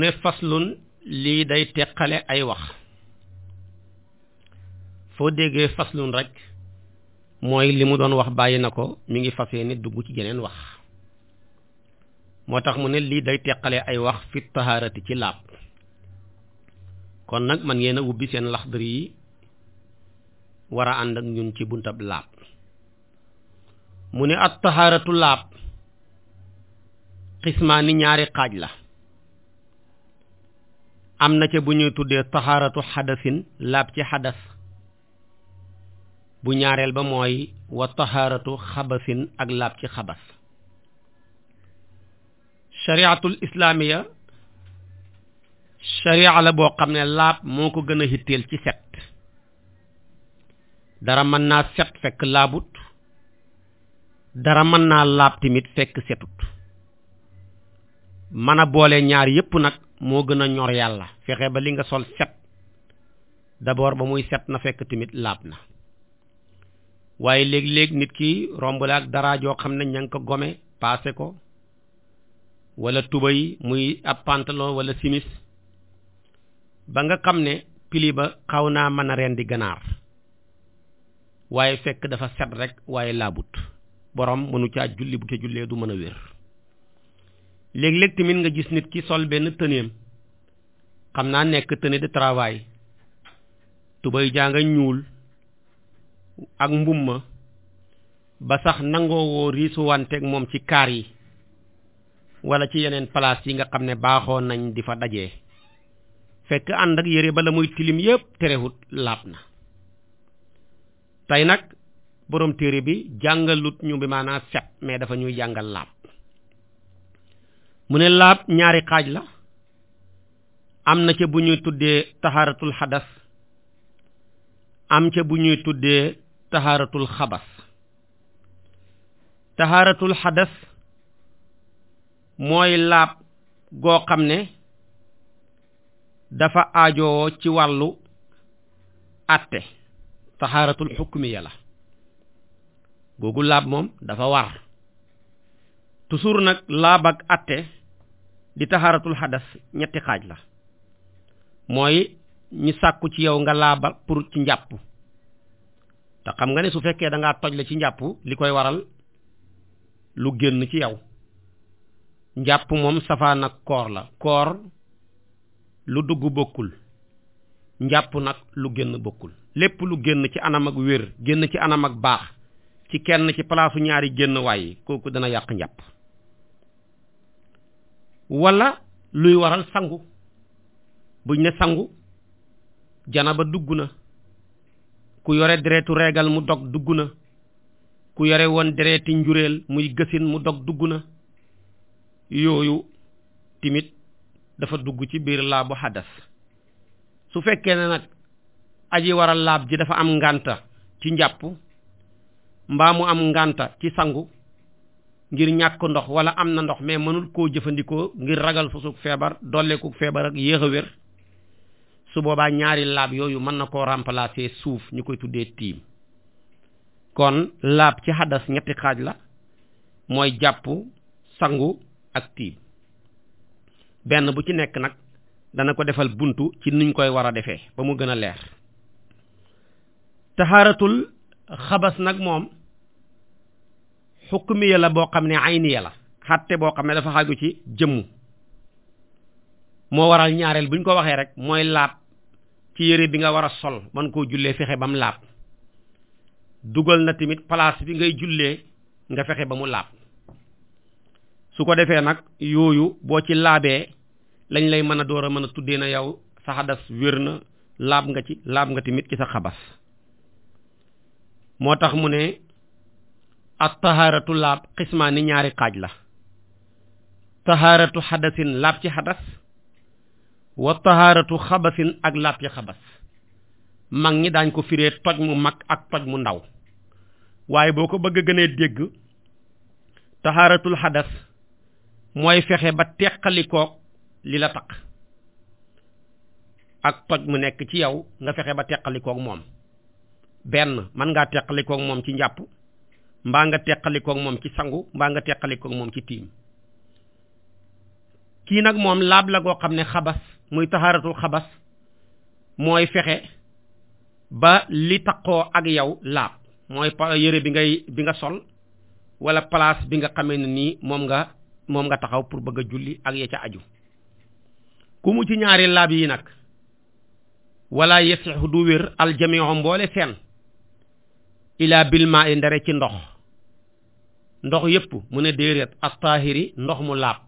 mu ne faslun lii day teqale ay wax foo déggee faslun rekk mooy li mu doon wax bàyyi na ko mu ngi fas yéene dugg ci geneen wax moo tax mu ne lii day teqale ay wax fi tahaarati ci laab kon nag man ngeen a ubbi seen laxdar yi war a ànd ak ñun ci buntab laab mu ne at tahaaratu laab xismaani ñaari xaaj la am na ca bu ñuy tuddee taxaaratu xadasin laab ci xadas bu ñaareel ba mooy wa taxaaratu xabasin ak laab ci xabas shariatul islaamiya sharia la boo xam ne laab moo ko gën a hitteel ci set dara mën naa set fekk laabut dara mën naa laab tamit fekk setut mën a boole ñaar yépp nag moo gën a ñor yàlla fexe ba li nga sol set d'abord ba muy set na fekk tamit laab na waaye léegi léeg nit ki romb la ak dara joo xam ne ña ko gome paase ko wala tubay muy ab pantalon wala simis ba nga xam ne pili ba xaw naa mën a reen di ganaar waaye fekk dafa set rek waaye laabut borom mënu caa julli bu ca jullee du mën a wér léegi léeg tamit nga gis nit ki sol benn tëneem xam naa nekk tenue de travail tubay jànga ñuul ak mbumma ba sax nangoowoo riisuwanteeg moom ci kaar yi wala ci yeneen place yi nga xam ne baaxoo nañ di fa daje fekk ànd ak yére ba la muy tilim yépp terewut laab na tey nag boroom téere bi jàngalut ñu bi maanaa set dafa ñuy jàngal laab mu ne laab ñaari xaaj la am na ca bu ñuy tuddee taxaaratul xadas am ca bu ñuy tuddee taxaaratul xabas taxaaratul xadas mooy laab goo xam ne dafa aajowoo ci wàllu atte taxaaratul xukmiya la googu laab moom dafa war toujours nag laab ak atte li taxaratul xadas ñetti xaaj la mooy ñu sàkku ci yow nga laaba pour ci njàpp te xam nga ne su fekkee danga ngaa toj la ci njàpp li koy waral lu génn ci yow njàpp moom safaan ak koor la koor lu dugg bokkul njàpp nag lu génn bokkul lépp lu génn ci anam ak wér génn ci anam ak baax ci kenn ci palaasu ñaari génn waaye kooku dana yàq njàpp wala luy waral sangu buñ ne sangu janaba dugg na ku yore deretu reegal mu dog dugg na ku yore woon dereti njuréel muy gësin mu dog dugg na yooyu timit dafa dugg ci biir laabu xadas su fekkee ne nag aji waral laab ji dafa am ngànta ci njàpp mbaa mu am ngànta ci sangu ngir ñàkk ndox wala am na ndox mais mënul koo jëfandikoo ngir ragal fasug feebar dolleekug feebar ak yéex a wér su boobaa ñaari laab yooyu mën na koo remplacer suuf ñu koy tuddee tiim kon laab ci hadas ñetti xaaj la mooy jàpp sangu ak tiim benn bu ci nekk nag dana ko defal buntu ci niñ koy war a defee ba mu gën a leer taxaaratul xabas nag moom mi la boo xam ne ayniya la xatte boo xam ne dafa xaju ci jëmm moo waral ñaareel bu ñu ko waxee rek mooy laab ci yére bi nga war a sol man koo jullee fexe ba mu laab dugal na tamit place bi ngay jullee nga fexe ba mu laab su ko defee nag yooyu boo ci laabee lañ lay mën a door a mën a tuddee na yow sa xadas wér na laab nga ci laab nga tamit ci sa xabas moo tax mu ne ak tahaaratu laab xismaani ñaari xaaj la tahaaratu xadasin laab ci xadas wa tahaaratu xabasin ak laab ci xabas mag ñi daañ ko firee toj mu mag ak toj mu ndaw waaye boo ko bëgg a gënee dégg tahaaratul xadas mooy fexe ba teqalikook li la taq ak toj mu nekk ci yow nga fexe ba teqalikook moom benn mën ngaa teqalikook moom ci njàpp mbaa nga teqalikoog moom ci sangu mbaa nga teqalikoog moom ci tiim kii nag moom laab la goo xam ne xabas muy taxaaratul xabas mooy fexe ba li taqoo ak yaw laab mooy yére bi ngay bi nga sol walla place bi nga xamee ne nii moom nga moom nga taxaw pour bëgg a julli ak ya ca aju ku mu ci ñaari laab yi nag wala yasixu du wér aljamiu mboole seen ilaa bilma i ndere ci ndox ndox yépp mu ne déeréet astahiri ndox mu laab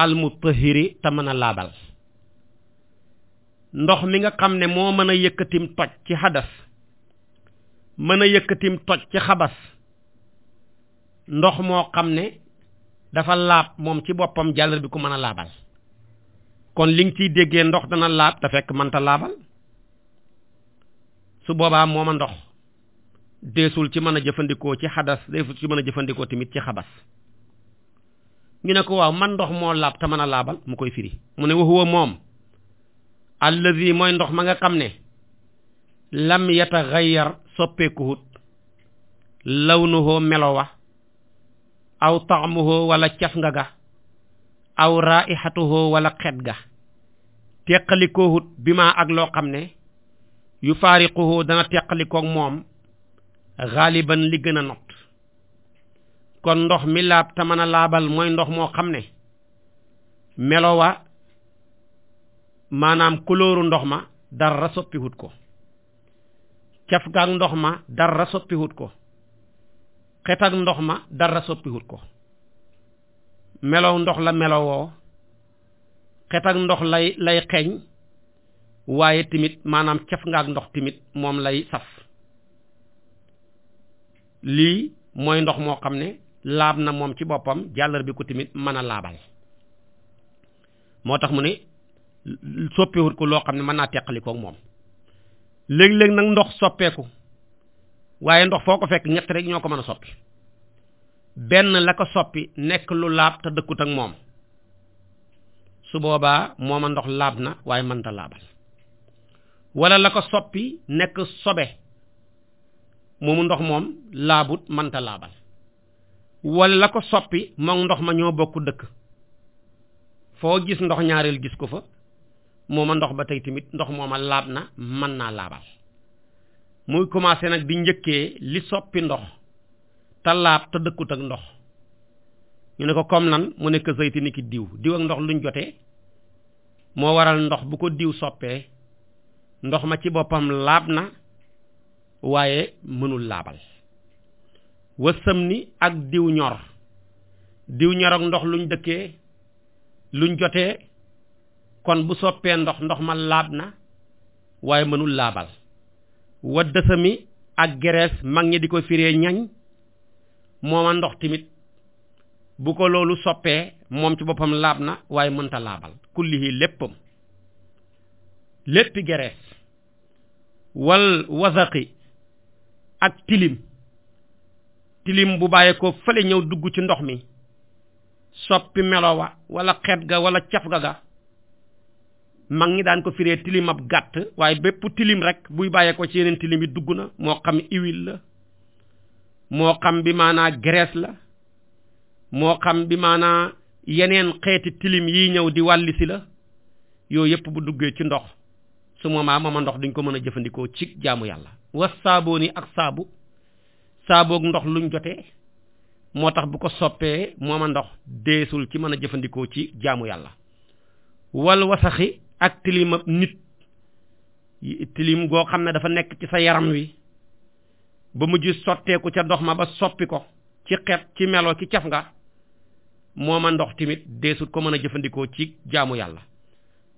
almutahiri te mën a laabal ndox mi nga xam ne moo mën a yëkkatim toj ci xadas mën a yëkkatim toj ci xabas ndox moo xam ne dafa laab moom ci boppam jàllar bi ku mën a laabal kon li nga ciy déggee ndox dana laab te fekk mënta laabal su boobaa mooma ndox deesul ci mën a jëfandikoo ci xadas deesul ci mën a jëfandikoo tamit ci xabas ñu ne ko waaw man ndox moo laab te mën a laabal mu koy firi mu ne waxuwa moom allazi mooy ndox ma nga xam ne lam yataxayyar soppeekuhut lawnuhoo melowa aw taamuhoo wala caf nga ga aw raihatuhoo wala xet ga teqalikohut bi maa ak loo xam ne yu faariquhu dana teqalikoog moom xaaliban li gën a not kon ndox mi laab te mën a laabal mooy ndox moo xam ne melowa maanaam kulóoru ndox ma dara soppiwut ko caf gaak ndox ma dara soppiwut ko xet ndox ma dara soppiwut ko melow ndox la melowoo xet ndox lay lay xeeñ waaye tamit maanaam caf ngaak ndox tamit moom lay saf lii mooy ndox moo xam ne laab na moom ci boppam jàllar bi ko tamit mën a laabal moo tax mu ne soppeewut ko loo xam ne mën naa teqalikoog moom léeg-léeg nag ndox soppeeku waaye ndox foo ko fekk ñett rek ñoo ko mën a soppi benn la ko soppi nekk lu laab te dëkkut ak moom su boobaa mooma ndox laab na waaye mënta laabal walla la ko soppi nekk sobe moomu ndox moom laabut manta laabal wala la ko soppi moom ndox ma ñoo bokk dëkk foo gis ndox ñaareel gis ko fa mooma ndox ba tey tamit ndox mooma laab na mën naa laabal muy commencé nag di njëkkee li soppi ndox te laab te dëkkut ak ndox ñu ne ko comme nan mu nekk zayti ni ki diw diw ak ndox luñ jotee moo waral ndox bu ko diw soppee ndox ma ci boppam laab na waaye mënul laabal wasam ni ak diw ñor diw ñor ak ndox luñ dëkkee luñ jotee kon bu soppee ndox ndox ma laab na waaye mënul laabal wa dësami ak gerees mag ñi di ko firee ñañ mooma ndox tamit bu ko loolu soppee moom ci boppam laab na waaye mënta laabal kullihi léppam léppi gerees wal wasaqi ak tilim tilim bu bàyyeekoo fële ñëw dugg ci ndox mi soppi melowa walla xet ga wala caf ga ga mag ñi daan ko firee tilim ab gàtt waaye bépp tilim rek buy bàyyeekoo ci yeneen tilim yi dugg na moo xam huile la moo xam bi maanaa graisse la moo xam bi maanaa yeneen xeeti tilim yiy ñëw di wàllisi la yooyu yëpp bu duggee ci ndox su moomaa mama ndox duñ ko mën a jëfandikoo ci jaamu yàlla was saabooni ak saabu saaboog ndox luñ jotee moo tax bu ko soppee mooma ndox deesul ci mën a jëfandikoo ci jaamu yàlla wal wasaxi ak tilim nit tilim goo xam ne dafa nekk ci sa yaram wi ba mujj sotteeku ca ndox ma ba soppi ko ci xet ci melo ci caf nga mooma ndox tamit deesut ko mën a jëfandikoo ci jaamu yàlla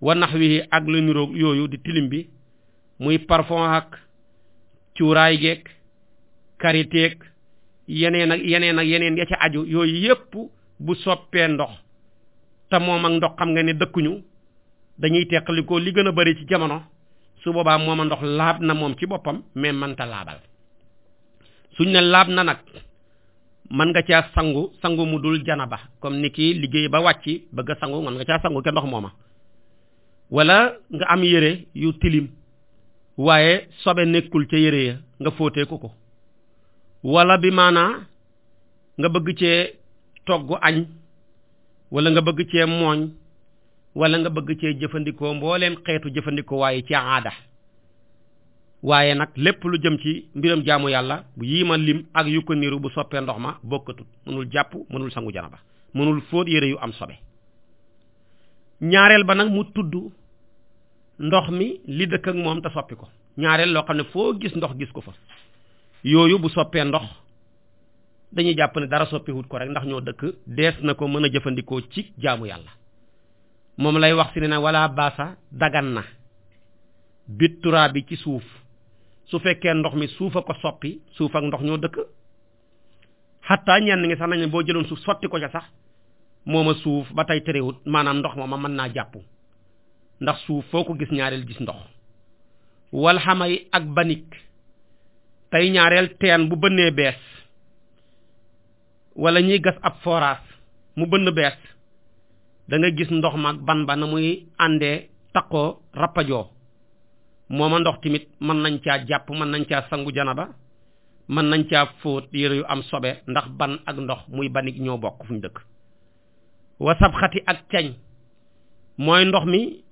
wa nax wi ak la niroog yooyu di tilim bi muy parfum ak cuuraay geeg kariteeg yeneen ak yeneen ak yeneen ya ca aju yooyu yépp bu soppee ndox te moom ak ndox xam nga ne dëkkuñu dañuy teqalikoo li gën a bari ci jamono su boobaa moom a ndox laab na moom ci boppam mais mënta laabal suñ ne laab na nag man nga caa sangu sangu mu dul jana ba comme ni kii liggéey ba wàcc bëgg a sangu mën nga caa sangu ke ndox mooma wala nga am yére yu tilim waaye sobe nekkul ca yére ya nga fóotee ko ko wala bi maanaa nga bëgg cee togg añ wala nga bëgg cee mooñ wala nga bëgg cee jëfandikoo mbooleem xeetu jëfandikoo waaye ci aada waaye nag lépp lu jëm ci mbiram jaamu yàlla bu yii ma lim ak yu ko bu soppee ndox ma bokkatut mënul jàpp mënul sangu janaba mënul fóot yére yu am sobe ñaareel ba nag mu tudd ndox mi li dëkk ak moom te soppi ko ñaareel loo xam ne foo gis ndox gis ko fa yooyu bu soppee ndox dañuy jàpp ne dara soppiwut ko rek ndax ñoo dëkk dees na ko mën a jëfandikoo ci jaamu yàlla moom lay wax si ne na wala baasa dagan na bittura bi ci suuf su fekkee ndox mi suuf a ko soppi suuf ak ndox ñoo dëkk xataa ñenn ngi sax nañ boo jëloon suuf sotti ko ca sax moom suuf ba tey terewut maanaam ndox ma man mën naa jàpp ndax suuf foo ko gis ñaareel gis ndox wal xamay ak banik tey ñaareel teen bu bënnee bees walla ñuy gas ab forage mu bënn bees da gis ndox ma ban ba na muy àndee taqoo rappajoo mooma ndox timit mën nañ caa jàpp mën nañ caa sangu ba mën nañ ca fóot yére yu am sobe ndax ban ak ndox muy banig ñoo bokk fu ñu dëkk wa sabxati ak cañ mooy ndox mi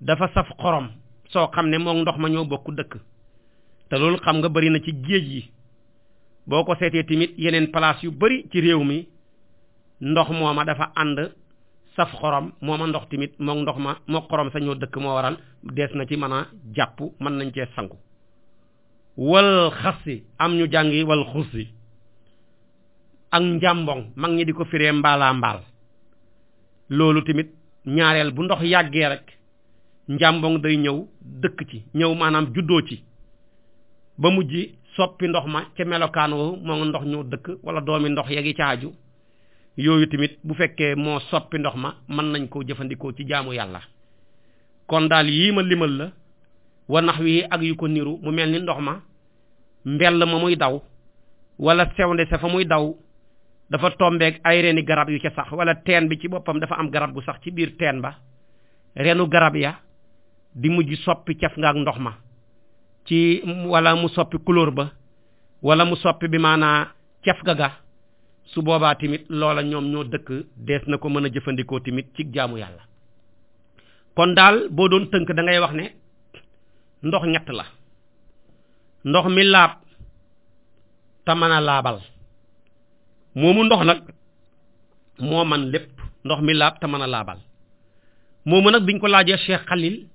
dafa saf xorom soo xam ne moom ndox ma ñoo bokk dëkk te loolu xam nga bari na ci géej yi boo ko seetee tamit yeneen place yu bari ci réew mi ndox mooma dafa ànd saf xorom mooma ndox tamit moom ndox ma moo xorom sa ñoo dëkk moo waral dees na ci mën a jàpp mën nañ cee sangu wal xasi am ñu jàngi wal xus yi ak njàmboŋ mag ñi di ko firee mbaalaa mbaal loolu tamit ñaareel bu ndox yàggee rek njàmbong day ñëw dëkk ci ñëw maanaam juddoo ci ba mujj soppi ndox ma ca melokaan woowu moo nga ndox ñoo dëkk wala doomi ndox yegi caaju yooyu tamit bu fekkee moo soppi ndox ma mën nañ koo jëfandikoo ci jaamu yàlla kon daal yii ma limal la wa wi ak yu ko niru mu mel ni ndox ma mbell ma muy daw walla sewnde sa fa muy daw dafa tombeeg ay reeni garab yu ca sax wala teen bi ci boppam dafa am garab gu sax ci biir teen ba reenu garab ya di mujj soppi caf nga ak ndox ma ci wala mu soppi couleur ba wala mu soppi bi maanaa caf ga ga su boobaa timit loola ñoom ñoo dëkk dees na ko mën a jëfandikoo tamit ci jaamu yàlla kon daal boo doon tënk dangay wax ne ndox ñett la ndox mi laab te mën a laabal moomu ndox nag moo man lépp ndox mi laab te mën a laabal moomu nag biñ ko laajee Cheikh Khalil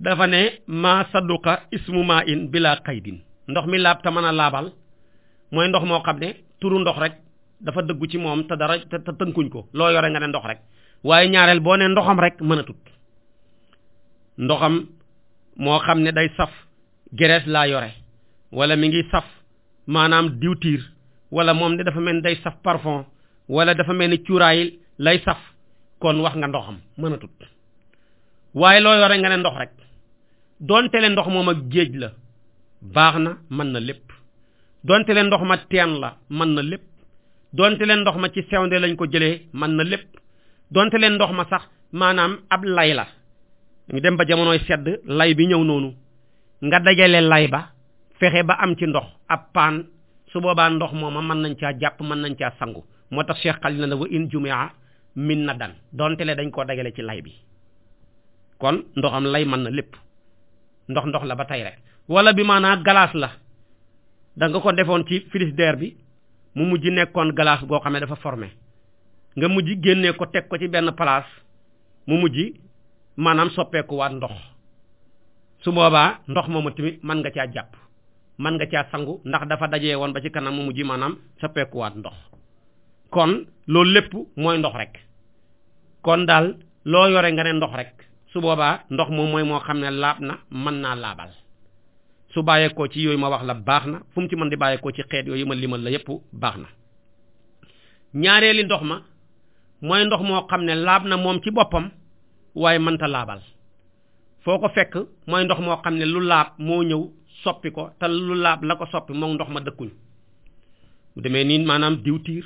dafa ne maa sadduqa ismu maa in bila qaydin ndox mi laab te mën a laabal mooy ndox moo xam ne turu ndox rek dafa dëggu ci moom te dara te tënkuñ ko loo yore nga ne ndox rek waaye ñaareel boo ne ndoxam rek mën a tut ndoxam moo xam ne day saf gerees laa yore wala mi ngi saf maanaam diwtiir wala moom de dafa mel ni day saf parfon wala dafa mel ni cuuraay lay saf kon wax nga ndoxam mën a tut waaye looy war nga ne ndox rek donte ndox moom ak géej la baax na mën na lépp donte le ndox ma teen la mën na lépp donte le ndox ma ci sewnde lañ ko jëlee mën na lépp donte le ndox ma sax maanaam ab lay la ñu dem ba jamonoy sedd lay bi ñëw noonu nga dajale lay ba fexe ba am ci ndox ab paan su boobaa ndox mooma mën nañ caa jàpp mën nañ caa sangu moo tax Cheikh Xalil na la wa in jumaa na dan donte le dañ koo dagale ci lay bi kon ndoxam lay man na lépp ndox ndox la ba tey rek wala bi maanaam galaas la da nga ko defoon ci frigidaire bi mu mujj nekkoon galaas goo xam ne dafa formé nga mujj génnee ko teg ko ci benn place mu mujj maanaam soppeekuwaat ndox su boobaa ndox moomu tamit mën nga caa jàpp mën nga caa sangu ndax dafa dajee woon ba ci kanam mu mujj maanaam soppeekuwaat ndox kon loolu lépp mooy ndox rek kon daal loo yore nga ne ndox rek su boobaa ndox moom mooy moo xam ne laab na mën naa laabal su bàyyeekoo ci yooyu ma wax la baax na fu mu ci mën di bàyyeekoo ci xeet yooyu ma limal la yépp baax na ñaareeli ndox ma mooy ndox moo xam ne laab na moom ci boppam waaye mënta laabal foo ko fekk mooy ndox moo xam ne lu laab moo ñëw soppi ko te lu laab la ko soppi moom ndox ma dëkkuñ mu demee ni maanaam diwtiir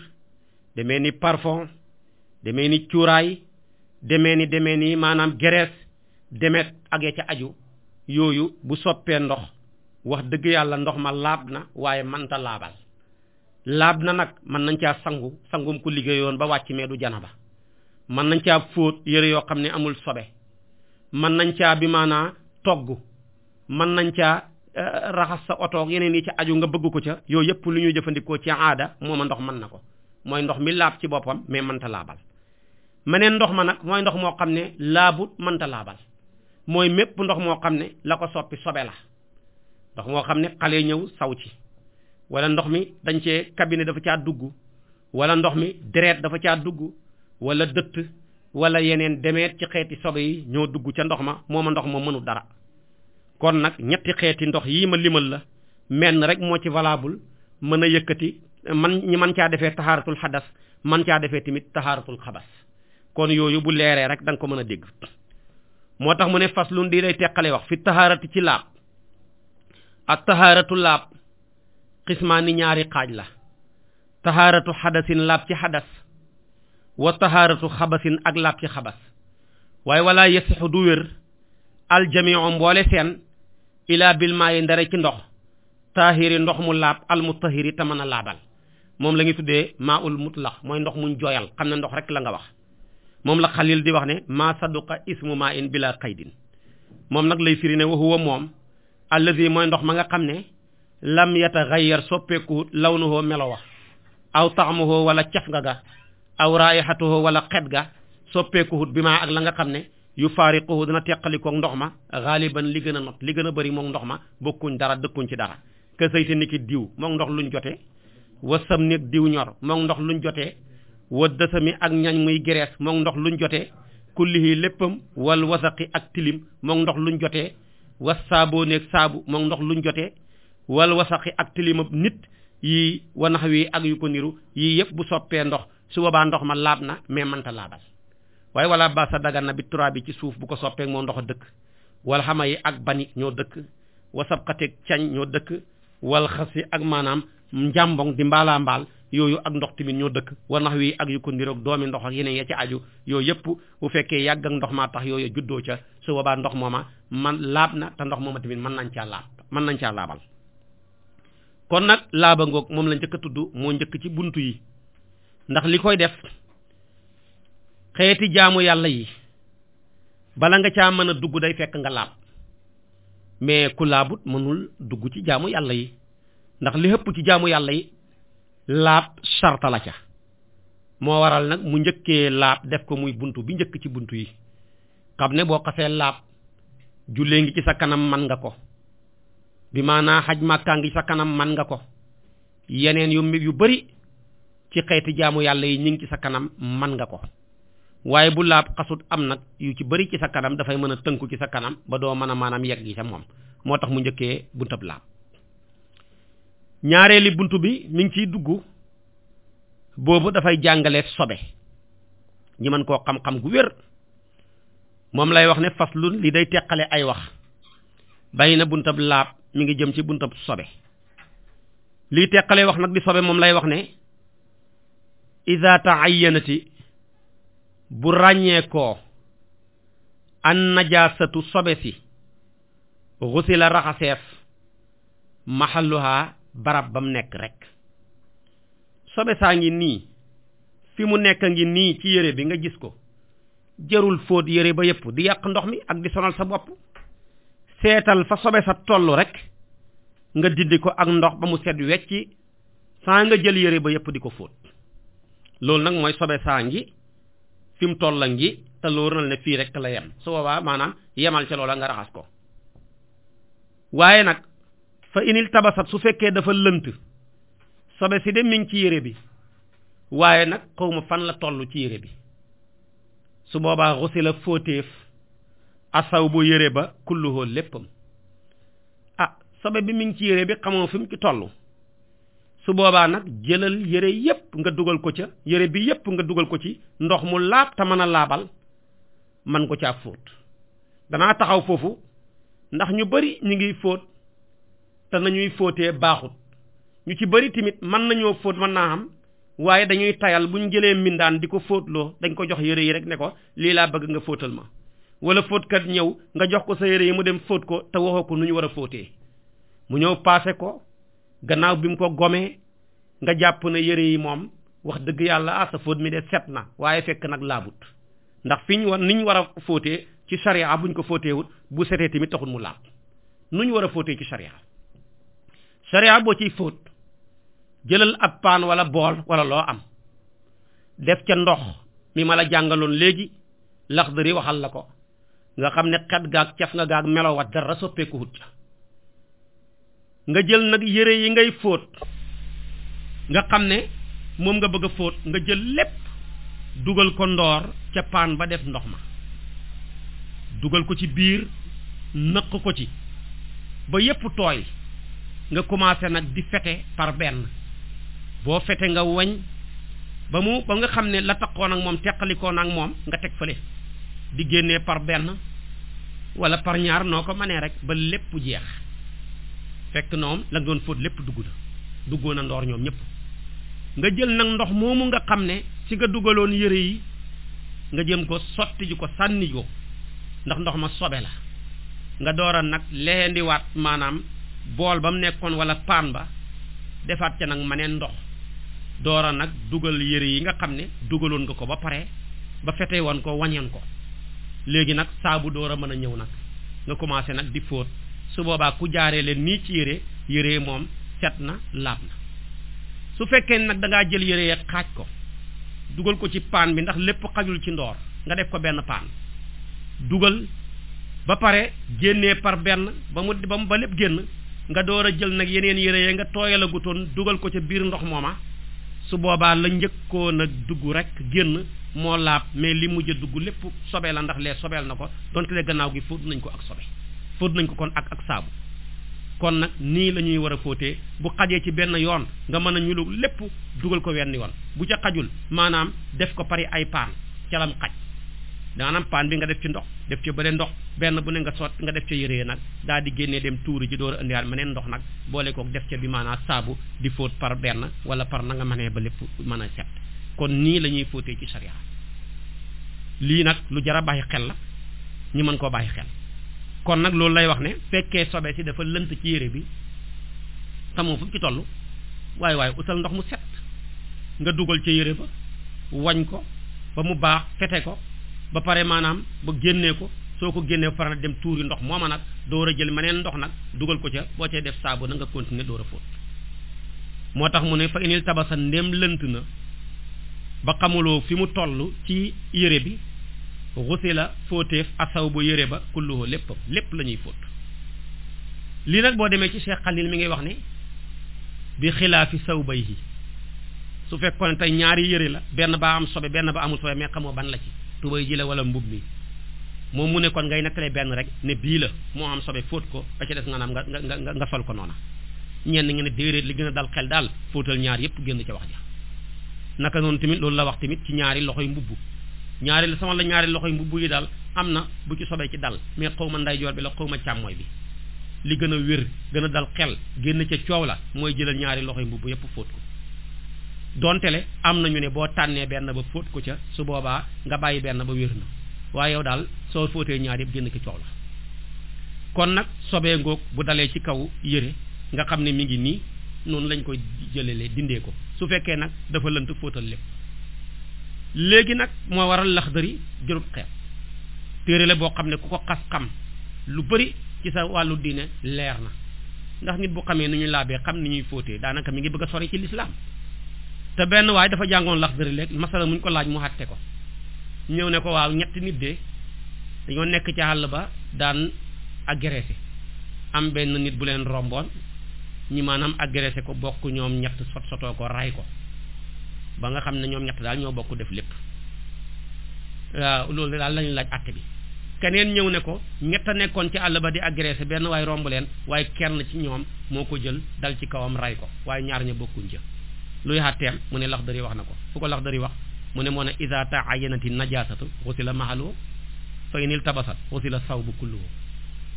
demee ni parfum demee ni cuuraay deme ni demee ni maanaam graisse demet ak ya ca aju yooyu bu soppee ndox wax dëgg yàlla ndox ma laab na waaye manta laabal laab na nag mën nañ caa sangu sangum ko liggéeyoon ba wàcc mee du janaba mën nañ caa fóot yére yoo xam ne amul sobe mën nañ caa bi maanaa togg mën nañ caa Eh, raxas sa oto yeneen yi ci aju nga bëgg ko ca yooyu yëpp lu ñuy jëfandikoo ci aada mooma ndox mën na ko mooy ndox mi laab ci boppam mais mënta laabal meneen ndox ma nag mooy ndox moo xam ne laabut mënta laabal mooy mépp ndox moo xam ne la ko soppi sobe la ndox moo xam ne xale ñëw saw ci wala ndox mi dañ cee cabinet dafa caa dugg wala ndox mi deret dafa caa dugg wala dëtt wala yeneen demeet ci xeeti sobe yi ñoo dugg ca ndox ma mooma ndox ma mënu dara kon nag ñetti xeeti ndox yii ma limal la menn rek moo ci valable mën a yëkkati man ñi man caa defee taxaaratul xadas man caa defee tamit taxaaratul xabas kon yooyu bu leeree rek danga ko mën a dégg moo tax mu ne faslun di day teqale wax fi taxaarati ci laab ak taxaaratu laab xismaani ñaari xaaj la taxaaratu xadasin laab ci xadas wa taxaaratu xabasin ak laab ci xabas waaye walaa yasixu du wér aljamiu mboole seen ilaa bilmaa yi ndare ci ndox taahiri ndox mu laab almutahiri te mën a laabal moom la ñuy tuddee maa ul mutlaq mooy ndox muñ jooyal xam ne ndox rek la nga wax moom la xalil di wax ne maa saduqa ismu maa in bila xaydin moom nag lay firi ne wa huwa moom allazi mooy ndox ma nga xam ne lam yataxayyar soppeeku lawnuhu melo wa aw taamuhu wala caf nga ga aw raayixatuhu wala xet ga soppeekuhut bi maa ak la nga xam ne yu faariquhu dana teqalikook ndox ma xaaliban li gën a not li gën a bëri moom ndox ma bokkuñ dara dëkkuñ ci dara kësayte ni ki diw moom ndox luñ jotee wa sam nig diw ñor moom ndox luñ jotee wa dasami ak ñañ muy gerees moom ndox luñ jotee kullihi léppam wal wasaqi ak tilim moom ndox luñ jotee wa saaboo neeg saabu moom ndox luñ jotee wal wasaqi ak tilimab nit yi wanax wi ak yu ko niru yii yëpp bu soppee ndox su boobaa ndox ma laab na mais mënta laabal waaye wala ba dagana bi turaa bi ci suuf bu ko soppeek moo ndox dëkk wal xama yi ak bani ñoo dëkk wasabxateeg cañ ñoo dëkk wal xasi ak maanaam njàmbong di mbaalaa yooyu ak ndox tamit ñoo dëkk war wi ak yu ko niroog doomi ndox ak yeneen ya ci aju yooyu yëpp bu fekkee yàgg ak ndox maa tax yooyu juddoo ca su boobaa ndox mooma man laab na te ndox mooma tamit man nañ ca laab mën nañ ca laabal kon nag laaba ngoog moom la njëkk a tudd moo njëkk ci bunt yi ndax li koy def xeeti jaamu yàlla yi bala nga ca mën a dugg day fekk nga laab mais ku laabut mënul dugg ci jaamu yàlla yi ndax li ëpp ci jaamu yàlla yi laab sarta la ca moo waral nag mu njëkkee laab def ko muy bunt bi njëkk ci buntu yi xam ne boo xasee laab jullee ngi ci sa kanam man nga ko bi maanaa xaj màkkaa ngi sa kanam man nga ko yeneen yu yu bari ci xeeti jaamu yàlla yi ñu ngi ci sa kanam man nga ko waaye bu laab xasut am nag yu ci bëri ci sa kanam dafay mën a tënku ci sa kanam ba doo mën a maanaam yegg yi sa moom moo tax mu njëkkee buntab laab ñaareeli bunt bi mi ngi ciy dugg boobu dafay jàngale sobe ñi mën koo xam-xam gu wér moom lay wax ne faslun li day teqale ay wax bàyyi na buntab laab mi ngi jëm ci buntab sobe lii teqale wax nag di sobe moom lay wax ne ida taayyanati bu ràññeekoo an najaasatu sobe si xusila raxaseef maxalluhaa barab ba mu nekk rekk sobe saa ngi nii fi mu nekk ngi nii ci yére bi nga gis ko jërul fóot yére ba yépp di yàq ndox mi ak di sonal sa bopp seetal fa sobe sa tollu rek nga dindi ko ak ndox ba mu set wecc saa nga jël yére ba yépp di ko fóot loolu nag mooy sobe saa ngi fi mu toll la ngi te na ne fii rek la yem su boobaa maanaam yemal ca la nga raxas ko waaye nag fa inil tabasat su fekkee dafa lënt sobe si de mi ngi ci yére bi waaye nag xawma fan la toll ci yére bi su boobaa xusi la fóoteef saw bu yére ba kulluhoo léppam a ah, sobe bi mi ngi ci yére bi xamoo fim ci tollu su boobaa nag jëlal yëre yépp nga dugal ko ca yére bi yépp nga dugal ko ci ndox mu laab te mën a laabal man ko caa fóot danaa taxaw foofu ndax ñu bari ñu ngiy fóot te nañuy fóotee baaxut ñu ci bari tamit mën nañoo fóot mën naa am waaye dañuy tayal buñ jëlee mbindaan di ko fóotloo dañ ko jox yére yi rek ne ko lii laa bëgg nga fóotal ma wala fóotkat ñëw nga jox ko sa yére yi mu dem fóot ko te waxoo ko nu ñu war a fóotee mu ñëw paase ko gannaaw bi mu ko gomee nga jàpp na yëre yi moom wax dëgg yàlla ah sa fóot mi de set na waaye fekk nag laabut ndax fi ñu war ni ñu war a fóotee ci sharia buñ ko fóoteewut bu setee tamit taxul mu laab nu ñu war a fóotee ci sharia sharia boo ciy fóot jëlal ab paan wala bool wala loo am def ca ndox mi ma la jàngaloon léegi lax laxdari waxal la ko nga xam ne xet gaag caf nga gaag melowaat dara soppeeku hut ca nga jël nag yére yi ngay fóot nga xam ne moom nga bëgg a fóot nga jël lépp dugal ko ndoor ca paan ba def ndox ma dugal ko ci biir nëq ko ci ba yépp tooy nga commencé nag di fete par benn boo fete nga wañ ba mu ba nga xam ne la taqoon ak moom teqalikoon ak moom nga teg fale di génnee par benn wala par ñaar noo ko manee rek ba lépp jeex fekk noonu la nga doon fóot lépp dugg na duggoon a ndoor ñoom ñëpp nga jël nag ndox moomu nga xam ne ci nga dugaloon yére yi nga jëm ko sotti ji ko sànni ko ndax ndox ma sobe la nga door a nag leendiwaat maanaam bool ba mu nekkoon wala paan ba defaat ca nag ma ne ndox door a nag dugal yére yi nga xam ne dugaloon nga ko ba pare ba fete woon ko wañeen ko léegi nag saabu door a mën a ñëw nag nga commencé nag di fóot su boobaa ku jaaree leen nii ci yére yére moom set na laab na su fekkee nag da jël yére xaaj ko dugal ko ci paan bi ndax lépp xajul ci ndoor nga def ko benn paan dugal ba pare génnee par benn ba mu ba mu ba lépp génn nga door a jël nag yeneen yére yee nga tooyalagutoon dugal ko ca biir ndox mooma su boobaa la njëkkoon a dugg rek génn moo laab mais li mujj a dugg lépp sobee la ndax lee sobeel na ko donte le gannaaw gi fóot nañ ko ak sobe fóot nañ ko kon ak ak saabu kon nag nii la ñuy war a fóotee bu xajee ci benn yoon nga mën a ñulu lépp dugal ko wenn yoon bu ca xajul maanaam def ko pare ay paan calam xaj maanaam paan bi nga def ci ndox def ci bële ndox benn bu ne nga sotti nga def ca yëree nag daal di génnee dem tuuri ji door a indiwaat meneen ndox nag boole kook def ca bi maanaam saabu di fóot par benn wala par na nga mënee ba lépp mën a set kon nii la ñuy fóotee ci sariya lii nag lu jar a bàyyi xel la ñu mën koo bàyyi xel kon nag loolu lay wax ne fekkee sobe si dafa lënt ci yére bi tamoo fu ci toll waaye waaye utal ndox mu set nga dugal ca yére ba wañ ko ba mu baax fete ko ba pare maanaam ba génnee ko soo ko génnee ba pare dem tuuri ndox mooma nag door a jël meneen ndox nag dugal ko ca boo cay def saabu na nga continuer door a fóot moo tax mu ne fa inil tabasa ndem lënt na ba xamuloo fi mu toll ci yére bi xusila fóoteef saw bu yére ba kulluhu lépp lépp la fóot lii nag boo demee ci Cheikh Khalil mi ngay wax ni bi xilaafi saw bay yi su fekkoon tey ñaari yére la benn ba am sobe benn ba amul sobe mais xamoo ban la ci tubay ji la wala mbub mi moom mu ne kon ngay nattalee benn rek ne bii la moo am sobe fóot ko ba ca des nga naam nga nga nga sol ko noona ñenn nga ne déedéet li gën a dal xel daal fóotal ñaar yépp génn ca wax ja naka noonu tamit loolu la wax tamit ci ñaari loxoy mbubb ñaari sama la ñaari loxoy mbubb yi daal am na bu ci sobee ci dal mais xaw ma ndeyjoor bi la xaw ma càmmooy bi li gën a wér gën a dal xel génn ca coow la mooy jëlal ñaari loxoy mbubb yépp fóot ko donte le am na ñu ne boo tànnee benn ba fóot ko ca su boobaa nga bàyyi benn ba wér na waaye yow daal soo fóotee ñaar yëpp génn ci coow la kon nag sobee ngoog bu dalee ci kaw yére nga xam ne mi ngi nii noonu lañ koy jëlelee dindee ko su fekkee nag dafa lënt fóotal lépp léegi nag moo waral Laxdari jërut xeet téere la boo xam ne ku ko xas xam lu bëri ci sa wàllu diine leer na ndax nit bu xamee ni ñu laabee xam ni ñuy fóotee daanaka mi ngi bëgg a sori ci lislaam te benn waaye dafa jàngoon Laxdari léeg masala muñ ko laaj mu àtte ko ñëw ne ko waaw ñetti nit de dañoo nekk ci àll ba daan agressé am benn nit bu leen romboon ñi maanaam agressé ko bokk ñoom ñett sot sotoo ko ray ko ba nga xam ne ñoom ñett daal ñoo bokk def lépp waaw loolu daal lañu laaj àtte bi keneen ñëw ne ko ñett a nekkoon ci àll ba di agressé benn waaye romb leen waaye kenn ci ñoom moo ko jël dal ci kawam rey ko waaye ñaar ña bokkuñ ca luy àtteem mu ne lax Laxdari wax na ko fu ko Laxdari wax mu ne moo ne iza ta'ayyanati najasatu xusila mahalu fa inil tabasat xusila sawbu kulluhu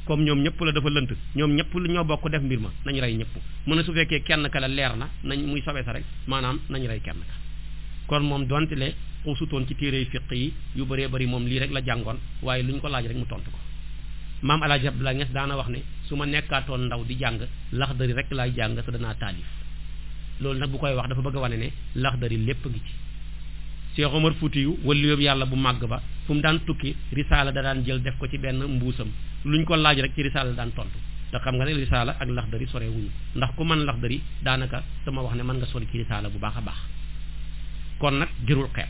comme ñoom ñëpp la dafa lënt ñoom ñëpp lu ñoo bokk def mbir ma nañ rey ñëpp mu ne su fekkee kenn ka leer na nañ muy sobe rek maanaam nañ rey kenn kon moom donte le xuusutoon ci téere fiq yi yu baree bëri moom lii rek la jàngoon waaye lu ñu ko laaj rek mu tontu ko maam El Hadj Abdoulaye Niass daana wax ne su ma nekkaatoon ndaw di jàng lax laxdari rek laay jàng te danaa taalif loolu nag bu koy wax dafa bëgg a wane ne laxdari lépp ngi ci. Cheikh Omar Fouti yu wala yàlla bu màgg ba fu mu daan tukki risaala da daan jël def ko ci benn mbuusam luñ ko laaj rek ci risaala daan tontu te xam nga ne risaala ak laxdari sore wuñu ndax ku mën laxdari daanaka sama wax ne mën nga sori ci bu baax a baax. kon nag jërul xeeb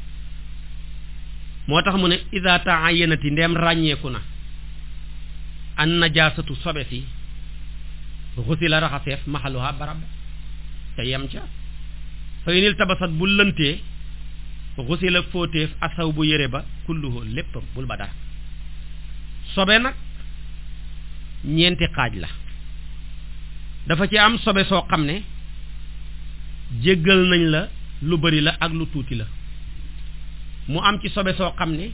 moo tax mu ne ida taayanati ndeem ràññeeku na an najaasatu sobe si xusila raxaseef maxaluha barab te yem ca fa yu tabasat bu lëntee xusila fóoteef asaw bu yére ba kulluhoo léppam bul ba dara sobe nag ñeenti xaaj la dafa ci am sobe soo xam ne jéggal nañ la lu bari la ak lu tuuti la mu am ci sobe soo xam ne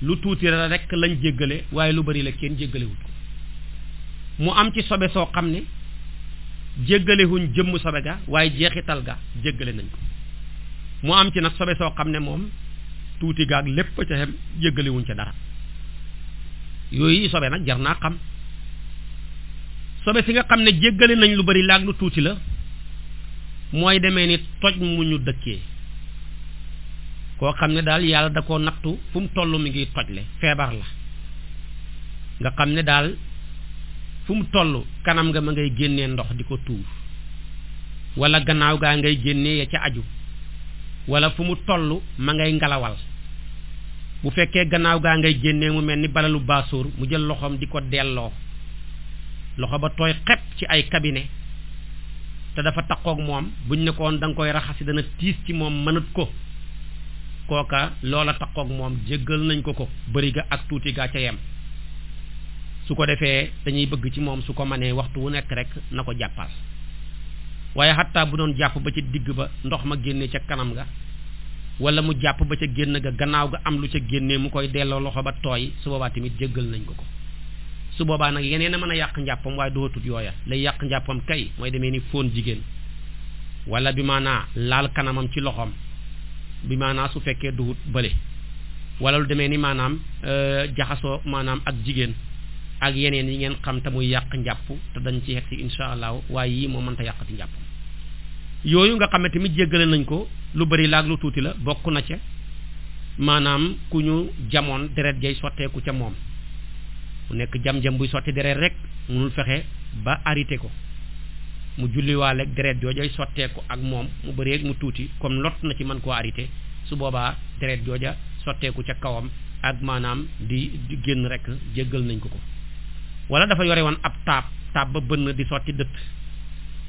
lu tuuti la rek lañ jéggale waaye lu bari la kenn jéggalewut ko mu am ci sobe soo xam ne jéggalewuñ jëmm sobe waaye jeexital ga jéggale nañ ko mu am ci nag sobe soo xam ne moom tuuti gaag lépp ca xem jéggalewuñ ca dara yooyu sobe nag jar naa xam sobe si nga xam ne jéggale nañ lu bari laag lu tuuti la mooy demee ni toj mu ñu dëkkee koo xam ne daal yàlla da koo nattu fu mu toll mi ngi tojle feebar la nga xam ne daal fu mu toll kanam nga ma ngay génne ndox di ko tuur walla gannaaw gaa ngay génne ya ca aju wala fu mu toll ma ngay ngelawal bu fekkee gannaaw gaa ngay génnee mu mel ni balalu baasóor mu jël loxoom di ko delloo loxo ba tooy xepp ci ay kabine te dafa taqoog moom buñ nekkoon ko woon da nga koy raxasi dana tiis ci moom mënat ko kooka loola taqoog moom jéggal nañ ko ko bari ga ak tuuti ga ca yem su ko defee dañuy bëgg ci moom su ko manee waxtu wu nekk rek na ko jàppal waaye xattaa bu doon jàpp ba ca digg ba ndox ma génne ca kanam ga wala mu jàpp ba ca génn ga gannaaw ga am lu ca génnee mu koy delloo loxo ba tooy su boobaa tamit jéggal nañ ko ko su boobaa nag yeneen a mën a yàq njàppam waaye dootut yooya lay yàq njàppam kay mooy demee ni fóon jigéen wala bi maanaa laal kanamam ci loxoom bi maanaa su fekkee duhut bële wala lu demee ni maanaam euh, jaxasoo maanaam ak jigéen ak yeneen yi ngeen xam te muy yàq njàpp te dañ ci yegg si incha allahu waaye yii moo mënta yàqati njàpp yooyu nga xam ne tamit jéggale nañ ko lu bëri laag lu tuuti la bokk na ca maanaam ku ñu jamoon deret jay sotteeku ca moom mu nekk jam-jam buy sotti deret rek munul fexe ba arrêté ko mu julliwaale ak deret sotteeku ak moom mu bëreeg mu tuuti comme lot na ci mën koo arrêté su boobaa deret jooja sotteeku ca kawam ak maanaam di génn rek jéggal nañ ko ko wala dafa yore woon ab taab taab ba bënn di sotti dëtt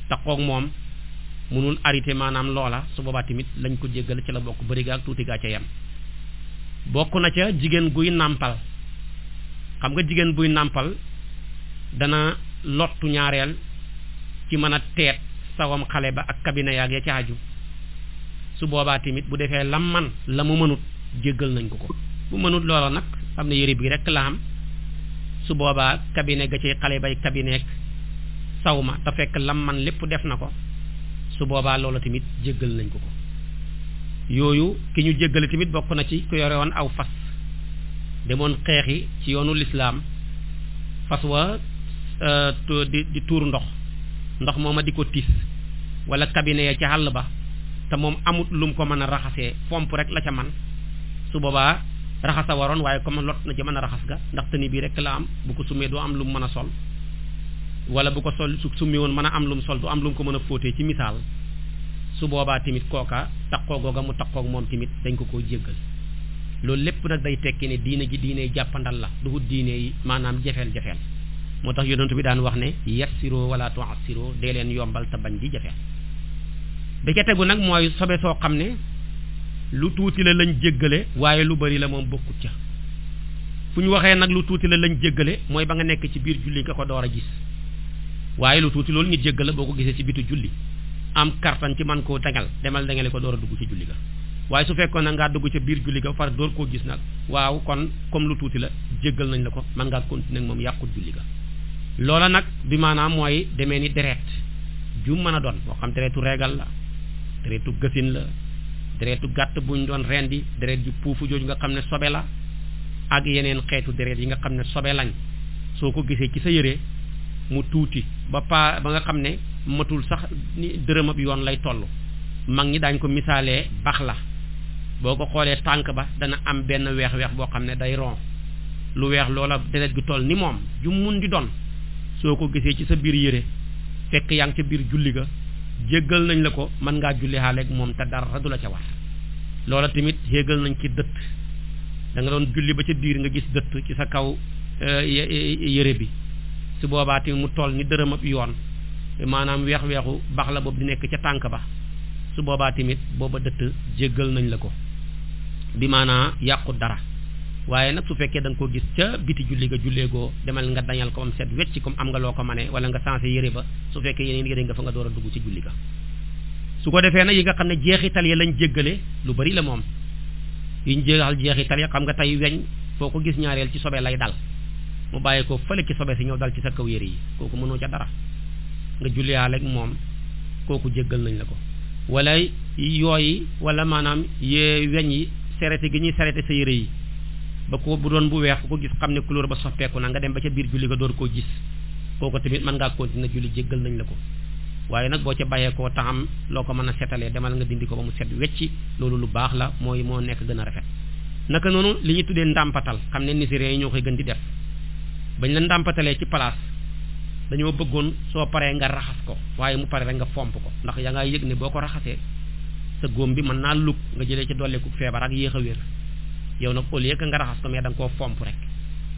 taqoog moom munul arrêté maanaam loola su boobaa tamit lañ ko jéggal ci la bokk bëri ak tuuti gaa ca yem bokk na ca jigéen guy nàmpal xam nga jigéen buy nàmpal dana lottu ñaareel ci mën a teet sawam xale ba ak kabina yaag ya caaju su boobaa tamit bu defee lam man la mu mënut jéggal nañ ko ko bu mënut loola nag xam ne yëre bi rek la am su boobaa kabine ga ci xale bay kabineek saw ma te fekk lam man lépp def na ko su boobaa loola tamit jéggal nañ ko ko yooyu ki ñu jéggale tamit bokk na ci ku yore woon aw fas demoon xeexi ci yoonu lislaam fas wa euh, di di tuur ndox ndox mooma di ko tiis wala cabine ya ci àll ba te moom amut lum ko mën a raxasee fomp rek la ca man su boobaa raxasa waroon waaye comme lot na ci mën a raxas ga ndax tëni bii rek la am bu ko summee doo am lu lum mën a sol wala bu ko sol su summi woon mën a am lum sol du am lu lum ko mën a fóotee ci misaal su boobaa tamit kooka taqoo googa mu taqoog moom tamit dañ ko ko jéggal loolu lépp nag day tekki ne diine ji diine jàppandal la duhut diine yi maanaam jafeel-jafeel moo tax yonentu bi daan wax ne yassiroo wala tuassiroo dee leen yombal te bañ di jafeel da ca tegu nag mooy sobe soo xam ne lu tuuti la lañ jéggale waaye lu bari la moom bokkut ca fu ñu waxee nag lu tuuti la lañ jéggale mooy ba nga nekk ci biir julli nga ko door a gis waaye lu tuuti loolu ñu la boo ko gisee ci bitu julli am kartan ci man koo dangal demal dangale ko door dugg ci julli ga waaye su fekkoon nag ngaa dugg ca biir julli ga far door koo gis nag waaw kon comme lu tuuti la jéggal nañ la ko mën ngaa continuer ak moom yàqut julli ga loola nag bi maanaam mooy demee ni deret ju mën a doon boo xam deretu regal la deretu gësin la deretu gàtt buñ doon rendi deret ju puufu jooju nga xam ne sobe la ak yeneen xeetu deret yi nga xam ne sobe lañ soo ko gisee ci sa yére mu tuuti ba paa ba nga xam ne matul sax dërëm ab yoon lay toll mag ñi daañ ko misaalee bax la boo ko xoolee tànk ba dana am benn weex-weex boo xam ne day ron lu weex loola deret gu toll ni moom ju mun di doon soo ko gisee ci sa biir yére fekk yaa ngi ca biir julli ga jéggal nañ la ko mën ngaa julli xaale moom te dara du la ca war loola tamit yéegal nañ ci dëtt da nga doon julli ba ca biir nga gis dëtt ci sa kaw euh, yére bi su boobaa tamit mu toll ni dërëm ab yoon maanaam weex-weexu bax la boobu di nekk ca tànk ba su boobaa tamit booba dëtt jéggal nañ la ko bi maanaa yàqu dara waaye nag su fekkee da ko gis ca biti julli ga julleegoo demal nga dañal ko set wecc comme am nga loo ko mane wala nga sensé yére ba su fekkee yeneen yére nga fa nga door a dugg ci julli ga su ko defee nag yi nga xam ne jeexital ya lañ jéggale lu bari la moom yiñ jéexal jeexital ya xam nga tey weñ foo ko gis ñaareel ci sobe lay dal mu bàyyi ko fële ci sobe si ñëw dal ci sa kaw yére yi kooku mënoo ca dara nga julliyaale moom kooku jéggal nañ la ko wala yooyi maanaam yee weñ yi serete gi ñuy serete sa yére yi ba ko bu doon bu weex ku ko gis xam ne couleur ba soppeeku na nga dem ba ca biir julli ga door koo gis kooku tamit mën ngaa continuer julli jéggal nañ la ko waaye nag boo ca bàyyee koo taxam loo ko mën a setalee demal nga dindi ko ba mu set wecci loolu lu baax la mooy moo nekk gën a rafet naka noonu li ñu tuddee ndàmpatal xam ne nigériens yi ñoo koy gën di def bañ la ndàmpatalee ci place dañoo bëggoon soo paree nga raxas ko waaye mu pare rek nga fomp ko ndax yaa boo ko raxasee sa góom bi mën naa lug nga jëlee ci dolleeku feebar ak yéex a wér yow nag au lieu nga raxas ko mais da nga koo fomp rek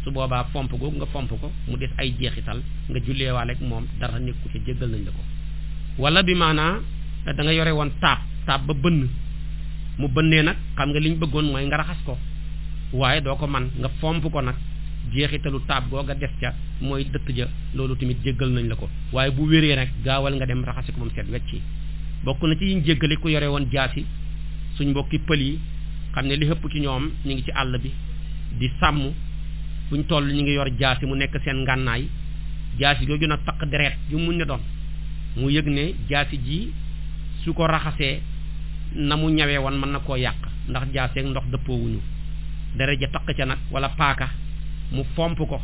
su boobaa fomp googu nga fomp ko mu des ay jeexital nga julleewaale ak moom dara nekku ca jéggal nañ la ko wala bi maanaa da nga yore woon taab taab ba bënn mu bënnee nag xam nga li bëggoon mooy nga raxas ko waaye doo ko man nga fomp ko nag jeexitalu taab googa def ca mooy dëtt ja loolu tamit jéggal nañ la ko waaye bu wéree rek gaawal nga dem raxasi ko ba mu set wecci bokk na ci yiñ jéggale ku yore woon jaasi suñ mbokki pël yi xam ne li ëpp ci ñoom ñu ngi ci àll bi di sàmm buñ toll ñu ngi yor jaasi mu nekk seen ngànnaay jaasi jooju nag taq deret yu mun ne doon mu yëg ne jaasi ji su ko raxasee na mu ñawee woon mën na koo yàq ndax jaaseeg ndox dëppoowuñu deret ja taq ca nag wala paaka mu fomp ko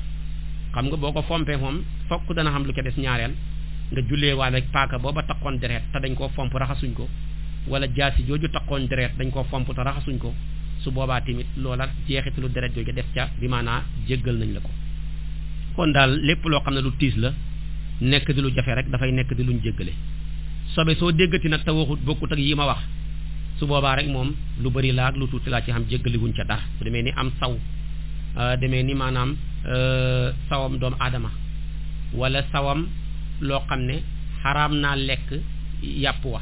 xam nga boo ko fompee moom fokk dana xam lu ca des ñaareel nga jullee waale ak paaka booba taqoon deret te dañ koo fomp raxasuñ ko wala jaasi jooju taqoon deret dañ koo fomp te raxasuñ ko su boobaa tamit loola jeexitalu deret jooju def ca bi maanaa jéggal nañ la ko kon daal lépp loo xam ne lu tiis la nekk di lu jafe rek dafay nekk di luñ jéggale sobe soo déggati nag te waxut bokkut ak yi ma wax su boobaa rek moom lu bari laa ak lu tuuti laa ci xam jéggaliwuñ ca dara demee ni am saw euh, demee ni maanaam euh, sawam doomu aadama wala sawam loo xam ne xaraam naa lekk yàpp wa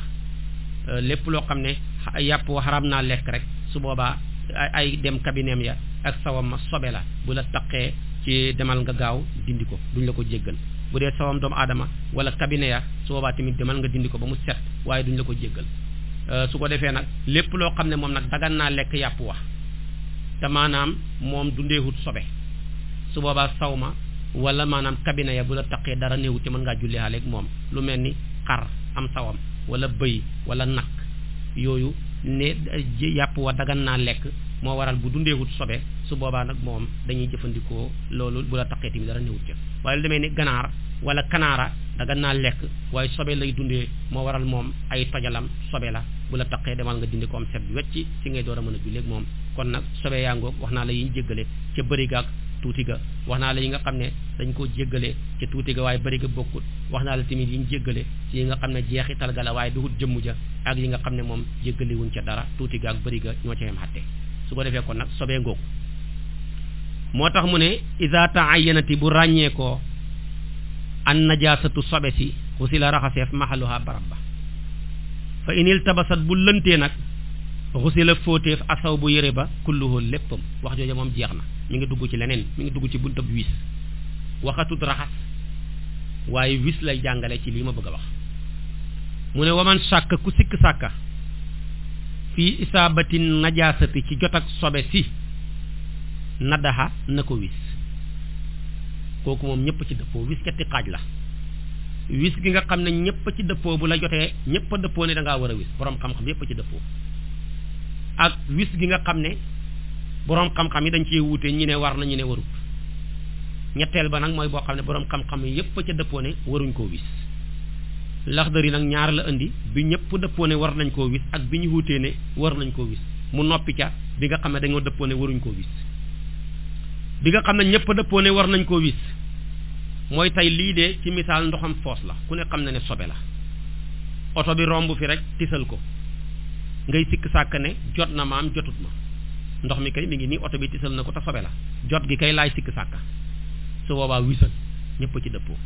euh, lépp loo xam ne yàpp wa xaraam naa lekk rek su boobaa ay dem kabineem ya ak sawam ma sobe la bu la taqee ci demal nga gaaw dindi ko duñ la ko jéggal bu dee sawam doomu aadama wala kabine ya su boobaa tamit demal nga dindi ko ba mu set waaye duñ la ko jéggal euh, su ko defee nag lépp loo xam ne moom nag dagan naa lekk yàpp wa te maanaam moom dundeewut sobe su boobaa saw ma wala maanaam cabinet ya bu la taqee dara néewu ci mën ngaa julli ak moom lu mel ni xar am sawam wala bëy wala nag yooyu ne yàpp wa dagan naa lekk moo waral bu dundeewut sobe su boobaa nag moom dañuy jëfandikoo loolu bu la taqee tamit dara néewut ca waaye lu deme ni ganaar wala kanaara dagan naa lekk waaye sobe lay dundee moo waral moom ay tojalam sobe la bu la taqee demal nga dindi ko am set wecc ci ngay door a mën a julleeg moom kon nag sobe yaa wax naa la yi jéggale ca bëri gaag tuuti ga wax naa la yi nga xam ne dañ koo jéggale ca tuuti ga waaye bëri ga bokkut wax naa la tamit yi ñu jéggale ci nga xam ne jeexital ga la waaye duhut jëmm ja ak yi nga xam ne moom jéggale wuñ ca dara tuuti ga ak bëri ga ñoo ca yem xatte su ko nag sobee ngoog moo tax mu ne ida taayanati bu ràññee koo an najasatu sobe si xusi la raxaseef maxaluha barab ba fa inil tabasat bu lëntee nag xusi la fóoteef asaw bu yére ba kulluhu léppam wax jooja moom jeex na mi ngi dugg ci leneen mi ngi dugg ci buntab wis waxatut raxas waaye wis lay jàngale ci lii ma bëgg a wax mu ne waman sàkk ku sikk sàkka fii isaabati najaasati ci jot ak sobe si nadaxa na ko wis kooku moom ñëpp ci dëppoo wis ñetti xaaj la wis gi nga xam ne ñëpp ci dëppoo bu la jotee ñëpp a dëppoo ne da war a wis borom xam-xam yëpp ci dëppoo ak wis gi nga xam ne boroom xam-xam yi dañ cee wuute ñi ne war nañu ne waru ñetteel ba nag mooy boo xam ne boroom xam-xam yi yépp ca dëppoo ne waruñ koo wis laxdar yi nag ñaar la indi bi ñëpp dëppoo war nañ koo wis ak bi ñu wuutee ne war nañ koo wis mu noppi ca bi nga xam ne dañu dëppoo ne waruñ koo wis xam ne ñëpp dëppoo war nañ koo wis mooy tey lii de ci misaal ndoxam foos la ku ne xam na ne sobe la oto bi romb fi rek tiisal ko ngay sikk sàkk ne jot na maam jotut ma ndox mi kay mi ngi nii oto bi tisal na ko te sobe la jot gi kay laay sikk sàkka su boobaa wisal ñëpp ci dëppoo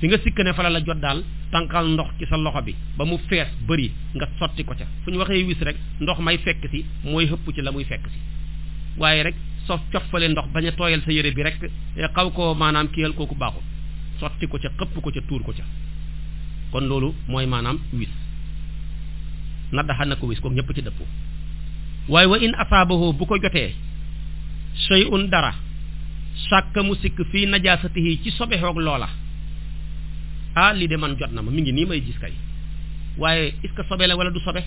fi nga sikk ne fala la jot daal tànqal ndox ci sa loxo bi ba mu fees bari nga sotti ko ca fu ñu waxee wis rek ndox may fekk ci mooy xëpp ci la muy fekk si waaye rek sof cofale ndox bañ a tooyal sa yére bi rek eh, xaw koo maanaam kiyal kooku baaxul sotti ko ca xëpp ko ca tuur ko ca kon loolu mooy maanaam wis na daxa na ko wis ko ñëpp ci dëppoo waaye wa in asaabahu bu ko jotee shay'un dara sàkka mu sikk fii najaasatihi ci sobexoog loola ah lii de man jot na ma mi ngi nii may gis kay waaye est-ce la wala du sobe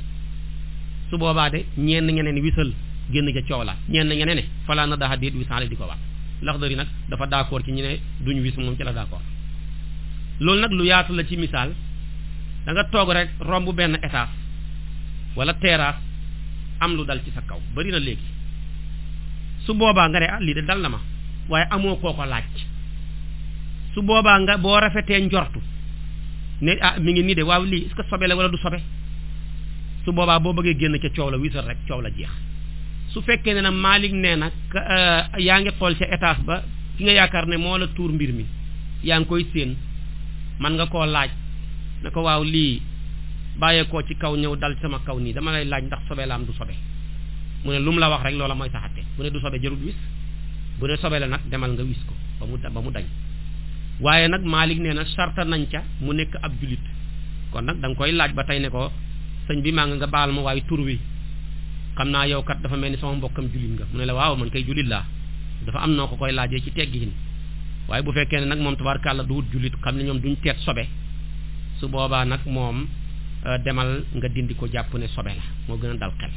su boobaa de ñenn ñeneen wisal génn ca coow la ñenn ñeneen ne falaa na daxa déet wisaale di ko waat Laxdari nag dafa d'accord ci ñu ne duñu wis moom ci la d'accord loolu nag lu yaatu la ci misaal danga toog rek romb benn étage walla terrasse am lu dal ci sa kaw bari na léegi su boobaa nga ne ah lii de dal na ma waaye amoo koo ko laaj su boobaa nga boo rafetee njortu ne ah mu ngi nii de waaw lii est que sobe la wala du sobe su boobaa boo bëggee génn ca coow la wisal rek coow la jeex su fekkee ne na Malick nee na euh, yaa ngi xool ca etaas ba ki nga yaakaar ne moo la tuur mbir mi yaa ngi koy séen man nga koo laaj ne ko waaw lii bàyyeekoo ci kaw ñëw dal sama kaw nii dama lay laaj ndax sobe la am du sobe mu ne lu mu la wax rek loola mooy saxatte bu ne du sobe jarul wis bu ne sobe la nag demal nga wis ko ba mu ba mu dañ waaye nag Malik nee na sarta nañ ca mu nekk ab julit kon nag da koy laaj ba tey ne ko sëñ bi maa nga nga baal ma waaye tur wi xam naa yow kat dafa mel ni sama mbokkam julit nga mu ne la waaw man kay julit laa dafa am noo ko koy laajee ci teggiin waaye bu fekkee ne nag moom tabarkàlla du wut xam ne ñoom duñ teet sobe boobaa nag moom Euh, demal nga dindi ko jàpp ne sobe la moo gën a dal xel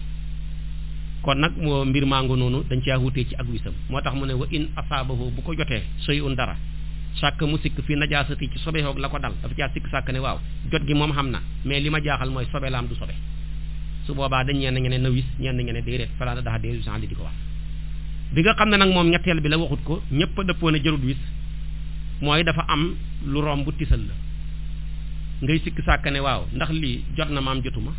kon nag moo mbir mango noonu dañ caa wutee ci ak wisam moo tax mu ne wa in asaabahu bu ko jotee soy un dara sàkk mu sikk fii najaasati ci sobe hoog la ko dal dafa caa sikk sàkk ne waaw jot gi moom xam na mais li ma jaaxal mooy sobe la am du sobe su boobaa dañ ñeen ngeen ne na wis ñeen ngeen ne déedéet falaa na daxa déedéet di ko wax bi nga xam ne nag moom ñetteel bi la waxut ko ñëpp a dëppoo ne wis mooy dafa am lu la ngay sikki sàkka ne waaw ndax lii jot na maam jotuma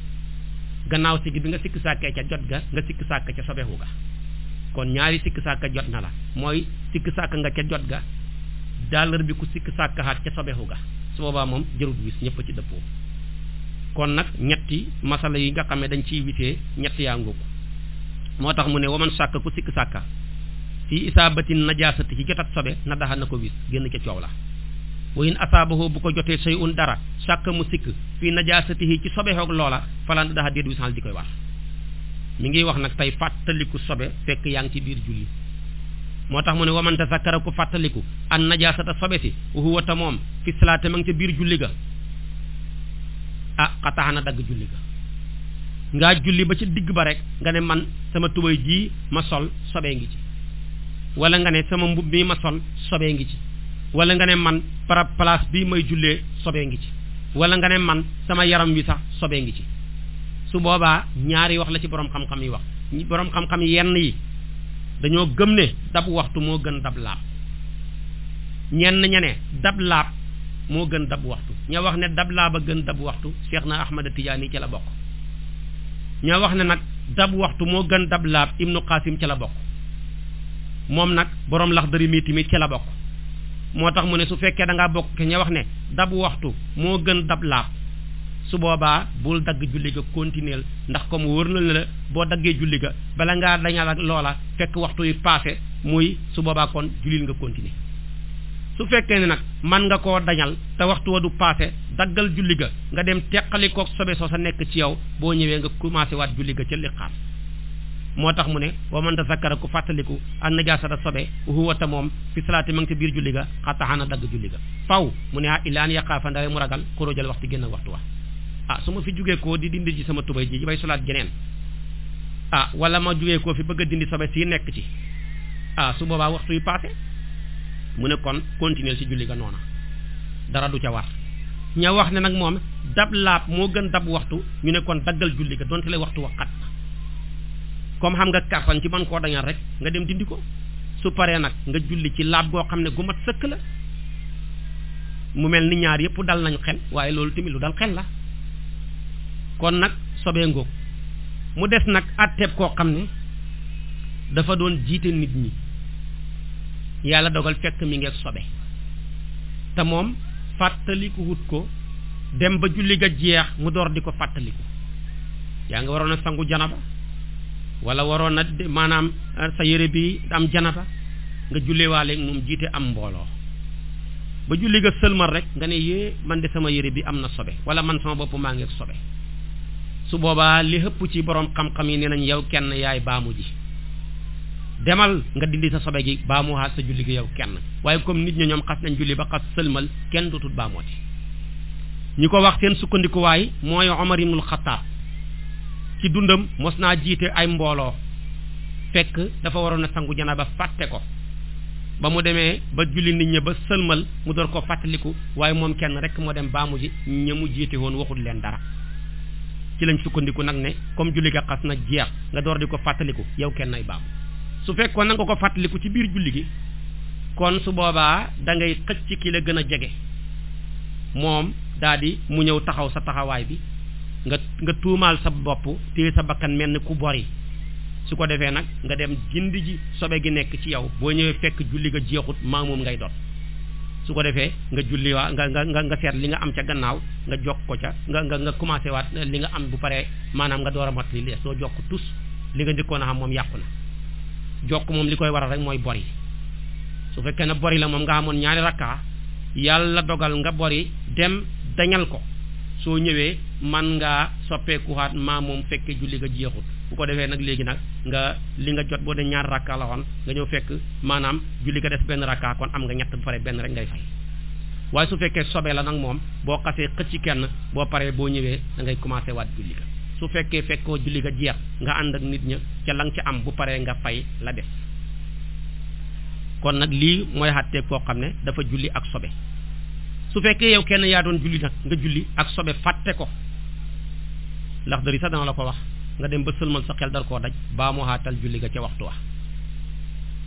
gannaaw si gi bi nga sikki sàkkee ca jot ga nga sikki sàkk ca sobeeku ga kon ñaari sikki sàkk jot na la mooy sikki sàkk nga ca jot ga daalar bi ku sikki sàkk xaat ca sobeeku ga su boobaa moom jërut wis ñëpp ci dëppoo kon nag ñetti masala yi nga xam ne dañ ciy wisee ñetti yaa ngóog moo tax mu ne waman sàkk ku sikki sàkka fii isaabatin najaasati ji jotat sobe na daxa na ko wis génn ca coow la wa in asaabahu bu ko jotee say un dara sàkk mu sikk fii najaasatihi ci sobe xoog loola falan daa déet wisaal di koy war mi ngi wax nag tey fàttaliku sobe fekk yaa ngi ci biir julli moo tax mu ne waman tasakkara ku fàttaliku an najaasata sobe si huwa ta fi salaate ma ngi ca biir julli ga ah xataxana dagg julli ga ngaa julli ba ci digg ba rek nga ne man sama tubay jii ma sol sobee ngi ci wala nga ne sama mbubb mi ma sol sobee ngi ci wala nga ne man para place bii may jullee sobee ngi ci wala nga ne man sama yaram wi sax sobee ngi ci su boobaa ñaari wax la ci borom xam-xam yi wax boroom xam-xam yenn yi dañoo gëm ne dab waxtu moo gën dab laab ñenn ña ne dab laab moo gën dab waxtu ña wax ne dab laab a gën dab waxtu Cheikh na Ahmada Tijaani ca la bokk ña wax ne nag dab waxtu moo gën dab laab Ibnu Qasim ca la bokk moom nag borom lax dëri mii tamit ca la bokk moo tax mu ne su fekkee da ngaa bokk ña wax ne dabu waxtu moo gën dab laab su boobaa bul dagg julli ga continuer ndax comme wër na la boo daggee julli ga bala ngaa dañal ak loola fekk waxtu yu passé muy su boobaa kon jullil nga continuer su fekkee ne nag man nga koo dañal te waxtu wa du passé daggal julli ga nga dem teqali koog sobe soo sa nekk ci yow boo ñëwee nga commencé waat julli ga ca liqaam moo tax mu ne wa man tazakkara ku fàttaliku an najaasata sobe huwa ta moom fi salaati ma ngi ci biir julli ga xataxaana dagg julli ga faw mu ne ah ilaan yaqaafa ndawe mu ragal xurujal waxtu génn waxtu wa ah su ma fi jugee koo di dindi ci sama tubay ji bay solaat geneen ah wala ma jugee koo fi bëgg a dindi sobe si nekk ci ah su boobaa waxtu yu passé mu ne kon continuer ci julli ga noona dara du ca war ña wax ne nag moom dab laab moo gën dab waxtu ñu ne kon daggal julli lay waxtu wa xat comme xam nga kàttan ci man koo dañal rek nga dem dindi ko su paree nag nga julli ci laab goo xam ne gu mat sëkk la mu mel ni ñaar yëpp dal nañu xel waaye loolu tamit lu dal xel la kon nag sobee ngoog mu des nag àtteeb koo xam ne dafa doon jiite nit ñi yàlla dogal fekk mi ngeeg sobe te moom fàttaliku ko dem ba julli ga jeex mu door di ko fàttaliku yaa nga waroon a sangu janaba wala waroon na maanaam eh, sa yére bi am janaba nga jullewaale moom jiite am mbooloo ba julli nga sëlmal rek nga ne yée man de sama yére bi am na sobe wala man sama bopp maa ngi sobe su boobaa li xëpp ci borom xam-xam yi nee nañ yow kenn yaay baamu ji demal nga dindi sa sobe gi baamuwaat sa julli gi yow kenn waaye comme nit ñi ñoom xas nañ julli ba xas sëlmal kenn dootul baamooti ñi ko wax seen sukkandikuwaay mooy Omar ibnul Xattaab ci dundam mos naa jiite ay mbooloo fekk dafa waroon a sangu janaba fàtte ko ba mu demee ba julli nit ñi ba sëlmal mu door ko fàttaliku waaye moom kenn rek moo dem baamu ji ña mu jiite woon waxul leen dara ci lañ sukkandiku nag ne comme julli ga xas na jeex nga door di ko fàttaliku yow kenn ay baamu su fekkoon na nga ko fàttaliku ci biir julli gi kon su boobaa dangay ngay xëcc ki la gën a jege moom daal mu ñëw taxaw sa taxawaay bi nga nga tuumaal sa bopp téye sa bakkan mel ni ku bori su ko defee nag nga dem gindi ji sobe gi nekk ci yow boo ñëwee fekk julli nga jeexut maa ngay dot su ko defee nga julli waa nga nga nga seet li nga am ca gannaaw nga jokk ko ca nga nga commencé waat li nga am bu paree maanaam nga door a moot li lees soo jokk tus li nga njëkkoon a xam moom yàqu na jokk moom li koy waral rek mooy bori su fekkee ne bori la moom nga amoon ñaari rakkaa yàlla dogal nga bori dem dañal ko soo ñëwee man ngaa soppeekuwaat maa mu fekkee julli ga jeexut bu ko defee nag léegi nag nga li nga jot boo dee ñaar rakka la woon nga ñëw fekk maanaam julli ga def benn rakka kon am nga ñett bu pare benn rek ngay fay waaye su fekkee sobee la nag moom boo xasee xëcc kenn boo paree boo ñëwee da ngay commencé waat julli ga su fekkee fekkoo julli ga jeex nga ànd ak nit ña ca la nga ca am bu paree nga fay la des kon nag lii mooy xàttee koo xam ne dafa julli ak sobe su fekkee yow kenn yaa doon julli nga julli ak sobe fàtte ko lax dëri sax dana la ko wax nga dem ba sëlmal sa xel dal koo daj baa mu julli ga ca waxtu wa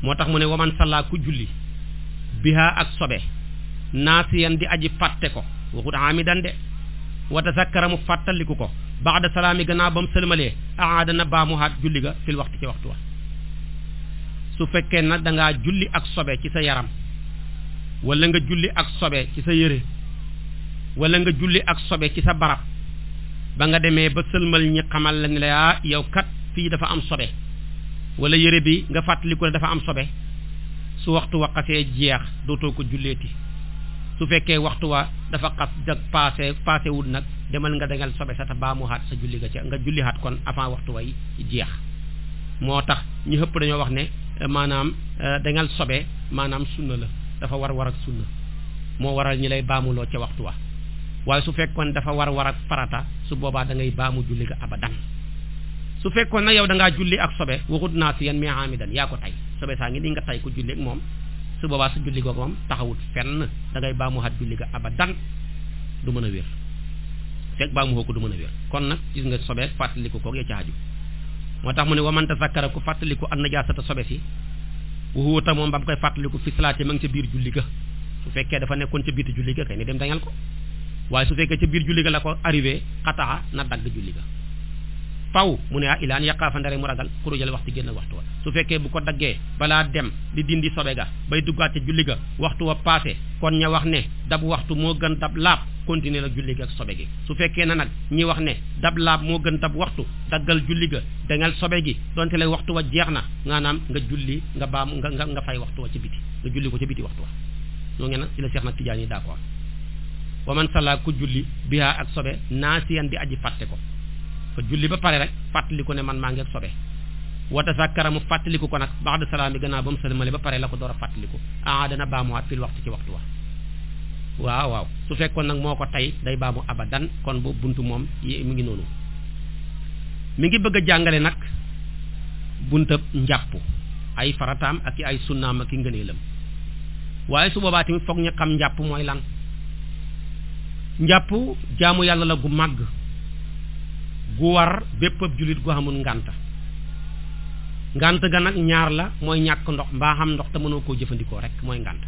moo tax mu ne waman salla ku julli biha ak sobe naa naasiyan di aji fàtte ko waxut amidan de wa tasakkara mu fàttaliku ko baada salaami gannaaw ba sëlmalee aada na baa mu haat julli ga fil waxtu ca waxtu wa su fekkee nag danga julli ak sobe ci sa yaram wala nga julli ak sobe ci sa yére wala nga julli ak sobe ci sa barab ba nga demee ba sëlmal ñi xamal la ne ah yow kat fii dafa am sobe wala yëre bi nga fàttaliku ne dafa am sobe su waxtu wa xasee jeex dootoo ko julleeti su fekkee waxtu wa dafa xas jag paase paase nag demal nga dangal sobe sa te baamuwaat sa julli ga nga julliwaat kon avant waxtu way jeex moo tax ñu xëpp dañoo wax ne eh, maanaam eh, dangal sobe maanaam sunna la dafa war war ak sunna moo waral ñi lay baamuloo ca waxtu wa waaye su fekkoon dafa war war ak farata su boobaa da ngay baamu julli ga abadan su fekkoon nag yow dangaa ngaa julli ak sobe waxut naa si yan mi amidan yaa ko tay sobe saa ngi ni nga tay ko julli moom su su julli googu moom taxawut da ngay baamuwaat julli ga abadan du mën a wér fekk baamuwoo ko du a wér kon nag gis nga sobe fàttaliku koog ya ca moo tax mu ne wa man tasakkara ku fàttaliku an najaasata sobe si ta moom ba mu koy fàttaliku fi salaati ma ngi ca biir julli ga su fekkee dafa nekkoon ca biir julli ga kay ne dem dañal ko waaye su fekkee ca biir julli ga la ko arriver xataa na dagg julli ga faw mu ne ah ilaan yàqaa fa ndare mu ragal xurujal waxtu génn waxtu wa su fekkee bu ko daggee balaa dem di dindi sobe ga bay duggaat ca julli ga waxtu wa passé kon ña wax ne dab waxtu moo gën dab laab continuer la julli ga ak sobe gi su fekkee na nag ñi wax ne dab laab moo gën dab waxtu daggal julli ga dangal sobe gi donte lay waxtu wa jeex na maanaam nga julli nga baam nga nga nga fay waxtu ci biti nga julli ko ca biti waxtu wa ñoo ngi nag ci la Cheikh Ahmad Tidiane yi d'accord wa man salla ku julli biha ak sobe naasiyan di aji fàtte ko fa ba pare rek ne man maa ngi wa tasakkara mu fàttaliku ko nag ba'da salaami gannaaw ba mu ba pare la ko door a fàttaliku ah dana baamuwaat fil waxtu ci waxtu wa waaw waaw su fekkoon nag moo ko tey day baamu abadan kon bu bunt moom yi mu ngi noonu mi ngi bëgg a jàngale nag buntab njàpp ay farataam ak ki ay sunnaam ak i ngëneelam waaye su boobaa tamit foog ñu xam njàpp mooy lan njàpp jaamu yàlla la gu màgg gu war bépp ab jullit gu xamul ngànta ngànt ga nag ñaar la mooy ñàkk ndox mbaa xam ndox te mënoo koo jëfandikoo rek mooy ngànt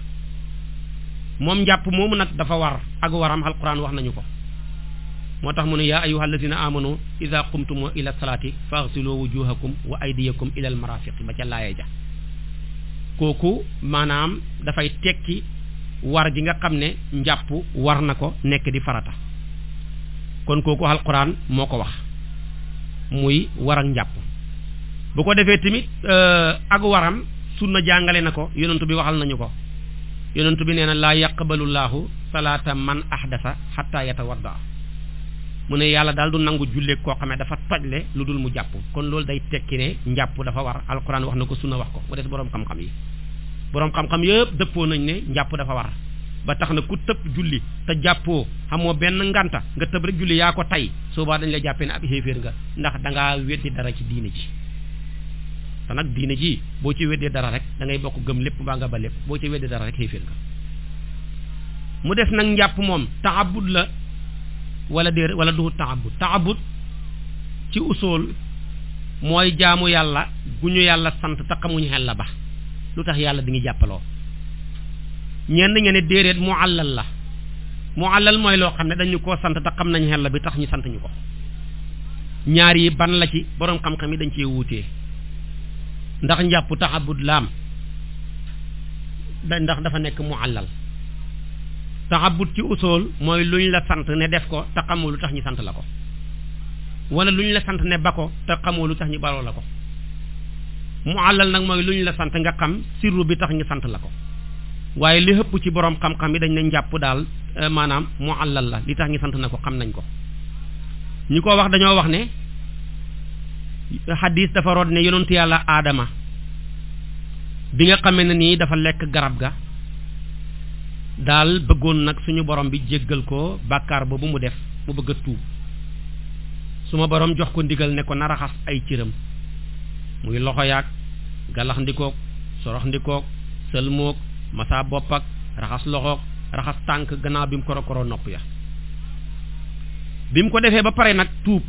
moom njàpp moomu nag dafa war ak waram alquran wax nañu ko moo tax mu ne yaa ayuha alladina amanu ida qumtum ila salaati faghsilu wujuhakum wa aydiyakum ila almarafiqi ba ca laaya ja kooku maanaam dafay tekki war gi nga xam ne njàpp war na ko nekk di farata kon kooku alquran moo ko wax muy war ak njàpp bu ko defee tamit euh, ak waram sunna jàngale na ko yonentu bi waxal nañu ko yonentu bi nee na laa yaqbalu laahu salaata man ahdasa xatta yatawadda mu ne yàlla daal du nangu julleeg koo xamee dafa tojle lu dul mu jàpp kon loolu day tekki ne njàpp dafa war alquran wax na ko sunna wax ko bu des boroom xam-xam yi boroom xam-xam yëpp dëppoo nañ ne njàpp dafa war ba tax na ku tëb julli te jàppoo xamoo benn nganta nga tëb rek julli yaa ko tey soobaa dañ la jàppee ne ak xéeféer nga ndax dangaa weddi dara ci diine ji te nag diine ji boo ci weddee dara rek da ngay bokk gëm lépp baa nga ba lépp boo ci weddee dara rek xéeféer nga mu def nag njàpp moom taxabut la wala déer wala duhu taabud taxabut ci usool mooy jaamu yàlla gu ñu yàlla sant te xamuñu xel la ba lu tax yàlla di ngi jàppaloo ñenn ña ne déedéet mu àllal la mu àllal mooy loo xam ne dañu ko sant te xam nañ xel la bi tax ñu sant ñu ko ñaar yi ban la ci boroom xam-xam yi dañ cee wuutee ndax njàpp taxabud laam da ndax dafa nekk mu àllal taxabud ci usool mooy luñ la sant ne def ko te xamoo lu tax ñu sant la ko wala luñ la sant ne ba ko te xamoo lu tax ñu baroo la ko mu àllal nag mooy lu ñu la sant nga xam sirru bi tax ñu sant la ko waaye li ëpp ci boroom xam-xam yi dañ ne njàpp daal euh, maanaam mu àllal la li tax ñu sant na ko xam nañ ko ñi ko wax dañoo wax ne xadis dafa root ne yonentu yàlla aadama bi nga xamee na nii dafa lekk garab ga daal bëggoon nag suñu boroom bi jéggal ko bàkkaar boobu mu def mu bëgg a tuub su ma borom jox ko ndigal ne ko na raxas ay cëram muy loxo yaag galax ndikoog sorox ndikoog sëlmoog masa bopp ak raxas loxoog raxas tànk gannaaw bi mu koro koro nopp ya bi mu ko defee ba pare nag tuub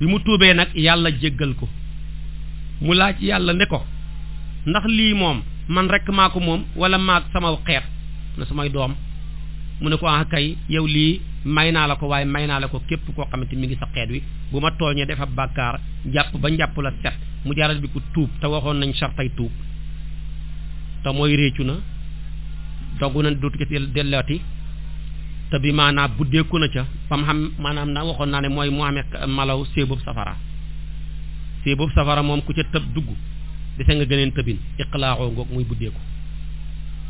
bi mu tuubee nag yàlla jéggal ko mu laaj yàlla ne ko ndax lii moom man rek maa ko moom walla maag sama xeet na samay doom mu ne ko ah kay yow lii may naa la ko waaye may naa la ko képp koo xamante mu ngi sa xeet wi bu ma tooñee defa bàkkaar jàpp ba njàpp la set mu jaaral bi ku tuub te waxoon nañ sartay tuub te mooy réccu na dogu na dootu ci te bi maanaam buddeeku na ca ba mu xam maanaam na waxoon naa ne mooy mu amee malaw séeboob safara séeboob safara moom ku ca tëb dugg dese nga gëneen tëbin iqlaaxoo ngoog muy buddeeku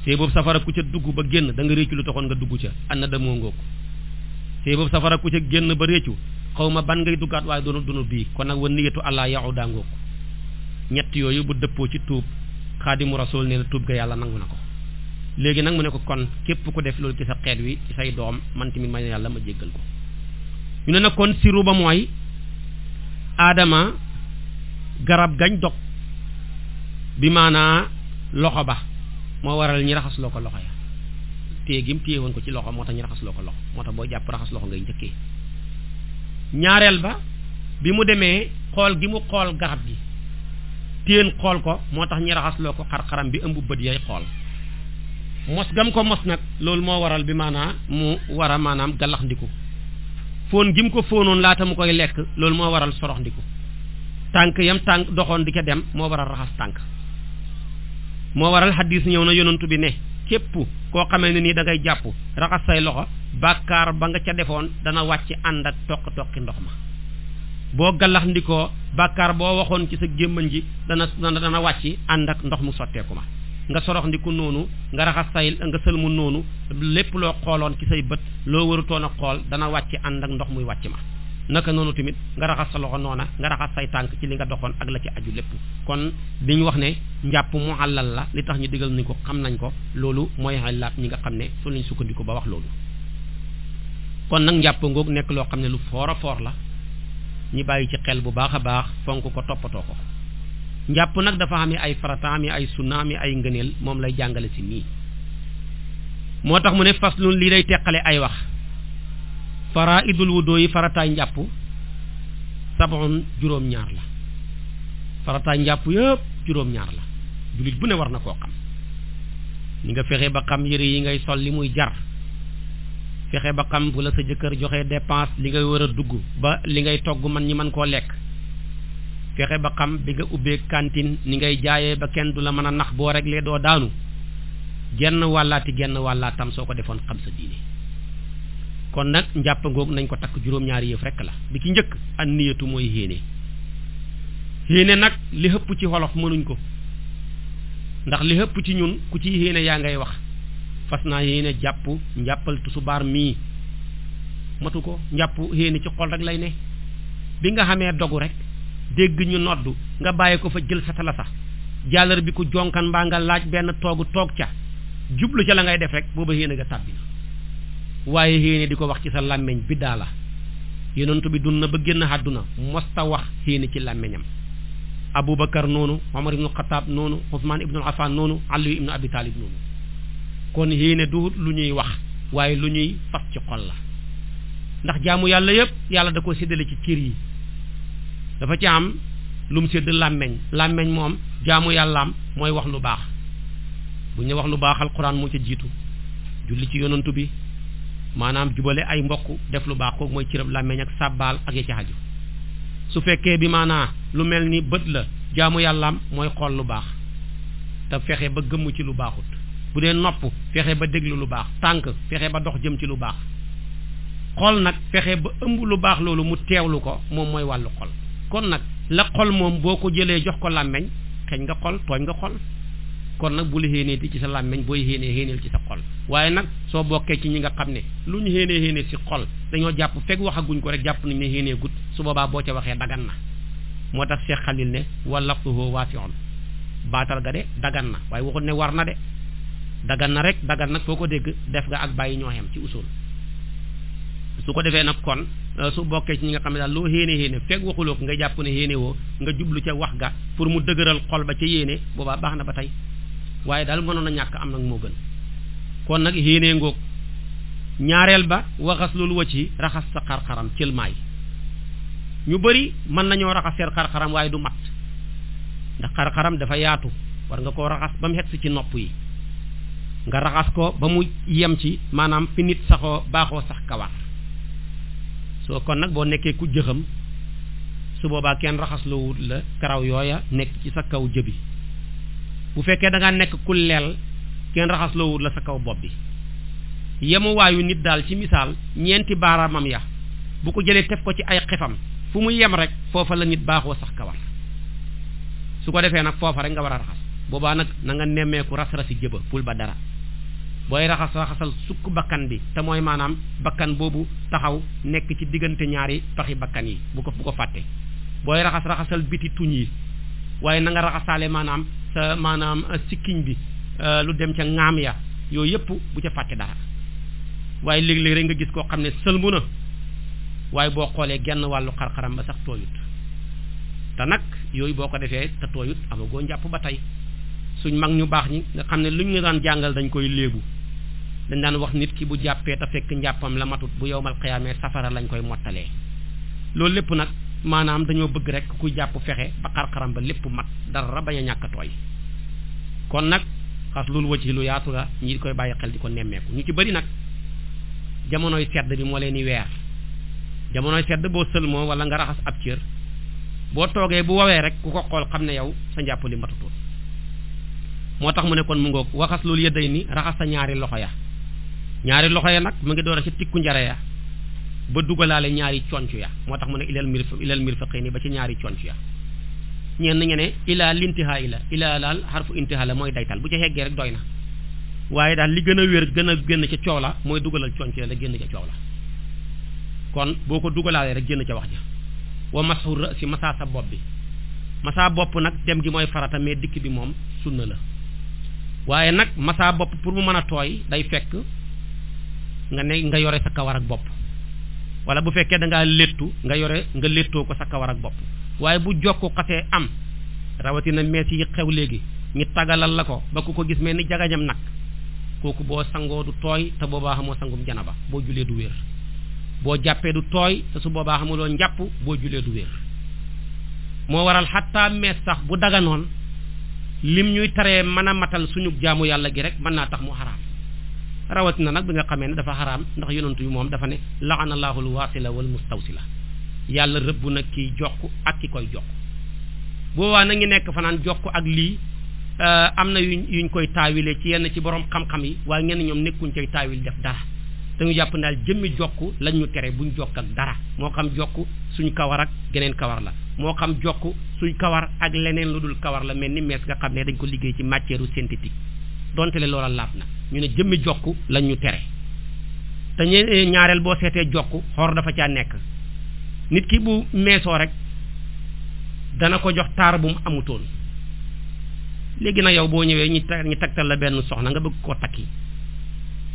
séeboob safara ku ca dugg ba génn da nga réccu lu taxoon nga dugg ca ànd na demoo ngoog see boobu safara ku ca génn ba réccu xaw ma ban ngay duggaat waaye doonu dunu bii kon nag wa niyatu allah yaxu daangook ñett yooyu bu dëppoo ci tuub xaadimu rasul nee na tuub ga yàlla nangu na ko léegi nag mu ne ko kon képp ku def loolu ci sa xeet wi ci say doom man tamit may na yàlla ma jéggal ko ñu ne nag kon siru ba mooy aadama garab gañ dog bi maanaa loxo ba moo waral ñi raxas loo ko loxo ya téye gim téye woon ko ci loxo moo tax ñu raxas ko loxo moo tax boo jàpp raxas loxo ngay njëkkee ñaareel ba bi mu demee xool gi mu xool garab gi téen xool ko moo tax ñu raxas ko xar-xaram bi ëmb bët yay xool mos gam ko mos nag loolu moo waral bi maanaa mu war a maanaam galax ndiku fóon gi mu ko fóonoon laata mu koy lekk loolu moo waral sorox ndiku tànk yam tànk doxoon di ko dem moo waral raxas tànk moo waral xaddiis ñëw na yonantu bi ne képp koo xamee ne nii da ngay jàpp raxas say loxo bàkkaar ba nga ca defoon dana wàcc ànd ak toq-toqi ndox ma boo gallax ndikoo bàkkaar boo waxoon ci sa gémmañ gi dana dana wàcc ànd ak ndox mu sotteeku ma nga sorox noonu nga raxas say nga sëlmu noonu lépp loo xooloon ci say bët loo warutoon a xool dana wàcc ànd ak ndox muy wàcc ma naka noonu tamit nga raxas sa loxo noona nga raxas say tànk ci li nga doxoon ak la ci aju lépp kon bi ñu wax ne njàpp mu àllal la li tax ñu digal nañ ko xam nañ ko loolu mooy àllaab ñi nga xam ne su lañ sukkandiku ba wax loolu kon nag njàpp ngoog nekk loo xam ne lu foor a foor la ñu bàyyi ci xel bu baax a baax fonk ko toppatoo ko njàpp nag dafa am ay farataam yi ay sunnaam yi ay ngëneel moom lay jàngale si nii moo tax mu ne faslun lii lay teqale ay wax faraidul wudo yi farataay njàpp sabon juróom-ñaar la farataay njàpp yëpp juróom-ñaar la jullit bu ne war na koo xam ni nga fexe ba xam yére yi ngay sol li muy jar fexe ba xam bu sa jëkkër joxe dépense li ngay war a dugg ba li ngay togg man ñi mën koo lekk fexe ba xam bi nga ubbee cantine ni ngay jaayee ba kenn du la mën a nax boo réglee doo daanu genn wàllaati genn wàllaatam soo ko defoon xam sa diine kon nag njàpp ngoog nañ ko takk juróom-ñaari yëf rek la bi ci njëkk a niyatu mooy yéene yéene nag li hëpp ci xolof mënuñ ko ndax li hëpp ci ñun ku ci yéene yaa ngay wax fas naa yéene jàpp njàppal baar mii matu ko njàpp yéene ci xol rek lay ne bi nga xamee dogu rek dégg ñu nodd nga bàyyi ko fa jël satala sax jàllar bi ku jonkan mbaa nga laaj benn toogu toog ca jublu ca la ngay def rek booba yéene nga tàbbi waaye yéene di ko wax ci sa làmmiñ biddaa la yonentu bi dund na ba génn àdduna mosta wax yéene ci làmmiñam aboubacar noonu omar ibnu xataab noonu ousmane ibnu affan noonu ali ibnu abi taalib noonu kon yéene du lu ñuy wax waaye lu ñuy fas ci xol la ndax jaamu yàlla yépp yàlla da ko séddale ci cër yi dafa ci am lu mu sédd làmmeñ làmmeñ moom jaamu yàllaam mooy wax lu baax bu ñu wax lu baax alquran moo ca jiitu julli ci yonantu bi maanaam jubale ay mbokk def lu baax kooku mooy cirab làmmeñ ak sàbbaal ak ya ci aju su fekkee bi maanaa lu mel ni bët la jaamu yàllaam mooy xool lu baax te fexe ba gëmm ci lu baaxut bu dee nopp fexe ba déglu lu baax tànk fexe ba dox jëm ci lu baax xol nag fexe ba ëmb lu baax loolu mu teewlu ko moom mooy wàllu xol kon nag la xol moom boo ko jëlee jox ko làmmeñ xeñ nga xol tooñ nga xol kon nag bu la xéeneeti ci sa làmmiñ booy xéenee xéeneel ci sa xol waaye nag soo bokkee ci ñi nga xam ne lu ñu xéenee xéenee ci xol dañoo jàpp fekk waxaguñ ko rek jàpp nañ ne xéenee su boobaa boo ca waxee dagan na moo tax Cheikh Khalil ne walaftuhoo waasion baatal ga de na waaye waxul ne war na de dagan na rek dagan nag foo ko dégg def nga ak bàyyi ñoo ñooxem ci usul su ko defee nag kon euh, su bokkee ci ñi nga xam ne daal loo xéene xéene fekk waxuloo ko nga jàpp ne xéene woo nga jublu ca wax ga pour mu dëgëral xol ba ca yéene boobaa baax na ba tey waaye daal mënoon a ñàkk am nag moo gën kon nag yéenee ngoog ñaareel ba waxas loolu wa ci raxas sa xar-xaram cëlmaay ñu bëri mën nañoo raxas seen xar-xaram waaye du mat ndax xar dafa yaatu war nga koo raxas ba mu xet ci nopp yi nga raxas ko ba mu yem ci maanaam fi nit saxoo baaxoo sax kawar soo kon nag boo nekkee ku jëxam su boobaa kenn raxasloo la karaw yooya nekk ci sa kaw jëbi bu fekkee da nekk ku leel kenn raxasloowul la sa kaw bopp bi yemuwaayu nit daal ci misaal ñeenti baaraamam ya bu ko jëlee tef ko ci ay xefam fu mu yem rek foofa la nit baaxoo sax kawar su ko defee nag foofa rek nga war a raxas boobaa nag na nga nemmeeku ras-rasi jëba pul ba dara booy raxas raxasal sukk bakkan bi te mooy maanaam bakkan boobu taxaw nekk ci diggante ñaari paxi bakkan yi bu ko bu ko fàtte booy raxas raxasal biti tuñ yi waaye na nga raxasaale maanaam sa maanaam euh, sikkiñ bi euh, lu dem ca ŋaam ya yooyu yëpp bu ca fàtte daal waaye léeg-léeg rek nga gis koo xam ne sëlmu na waaye boo xoolee genn wàllu xar-xaram ba sax tooyut te nag yooyu boo ko defee te tooyut amagoo njàpp ba tey suñ mag ñu baax ñi nga xam ne lu ñu daan jàngal dañ koy léegu dañ daan wax nit ki bu jàppee te fekk njàppam la matut bu yowmal xiyaamee safara lañ koy mottalee loolu lépp nag maanaam dañoo bëgg rek ku jàpp fexe ba xar-xaram ba lépp mat dara bañ a ñàkk a tooy kon nag xas loolu wëcc lu yaatu la ñi koy bàyyi xel di ko nemmeeku ñu ci bari nag jamonoy sedd bi moo leen di weer jamonoy sedd boo sëlmoo wala nga raxas ab cër boo toogee bu wowee rek ku ko xool xam ne yow sa njàpp li matutoon moo tax mu ne kon mu ngoog waxas loolu yëdday ni raxas sa ñaari loxo ya ñaari loxo ya nag mu ngi door a ci tikku njare ya ba dugalaale ñaari conc ya moo tax mu ne ilal mirf ilal mirfaqayni ba ci ñaari conc ya ñenn ñe ne ilaa lintihaa ila ilaa laal xarfu intihaa la mooy daytal bu ca xeggee rek doy na waaye daal li gën a wér gën a génn ca coow la mooy dugalal conc ya la génn ca coow la kon boo ko dugalaalee rek génn ca wax ja wa masu rasi masaa sa bopp bi masaa bopp nag dem gi mooy farata mais dikk bi moom sunna la waaye nag masaa bopp pour mu mën a tooy day fekk nga ne nga yore sa kawar bopp wala bu fekkee da ngaa léttu nga yore nga léttoo ko sa kawar ak bopp waaye bu jokku xasee am rawatina mees yi xew léegi ñu tagalal la ko ba ku ko gis mel ni jagañam nag kooku boo sangoo du tooy te boobaa xamoo sangum ba boo julee du wér boo jàppee du tooy te su boobaa xamuloo njàpp boo julee du wér moo waral xattaa mees sax bu daganoon lim ñuy taree mën a matal suñu jaamu yàlla gi rek mën naa tax mu xaraam rawatina nag bi nga xamee ne dafa xaraam ndax yonantu yu moom dafa ne laana allaahul waasila wal mustawsila yàlla rëbb nag kiy jokk ak ki koy jox boobaa na ngi nekk fanaan jokk ak lii euh, am na yuñ yuñ koy taawile ci yenn ci borom xam-xam yi waaye ngeen ñoom nekkuñ cay taawil def dara dañu jàpp daal jëmmi jokk lañ ñu tere buñ jokk ak dara moo xam jokk suñ kawar ak geneen kawar la moo xam jokk suñ kawar ak leneen lu dul kawar la mel ni mees nga xam ne dañ ko liggéey ci matière synthétique donte le loola laab na ñu ne jëmmi jokk lañ ñu tere te eh, ñaareel boo seetee jokk xor dafa caa nekk nit ki bu meesoo rek dana ko jox taar bu mu amutoon léegi nag yow boo ñëwee ñu ta ñu tagtal la benn soxna nga bëgg koo takki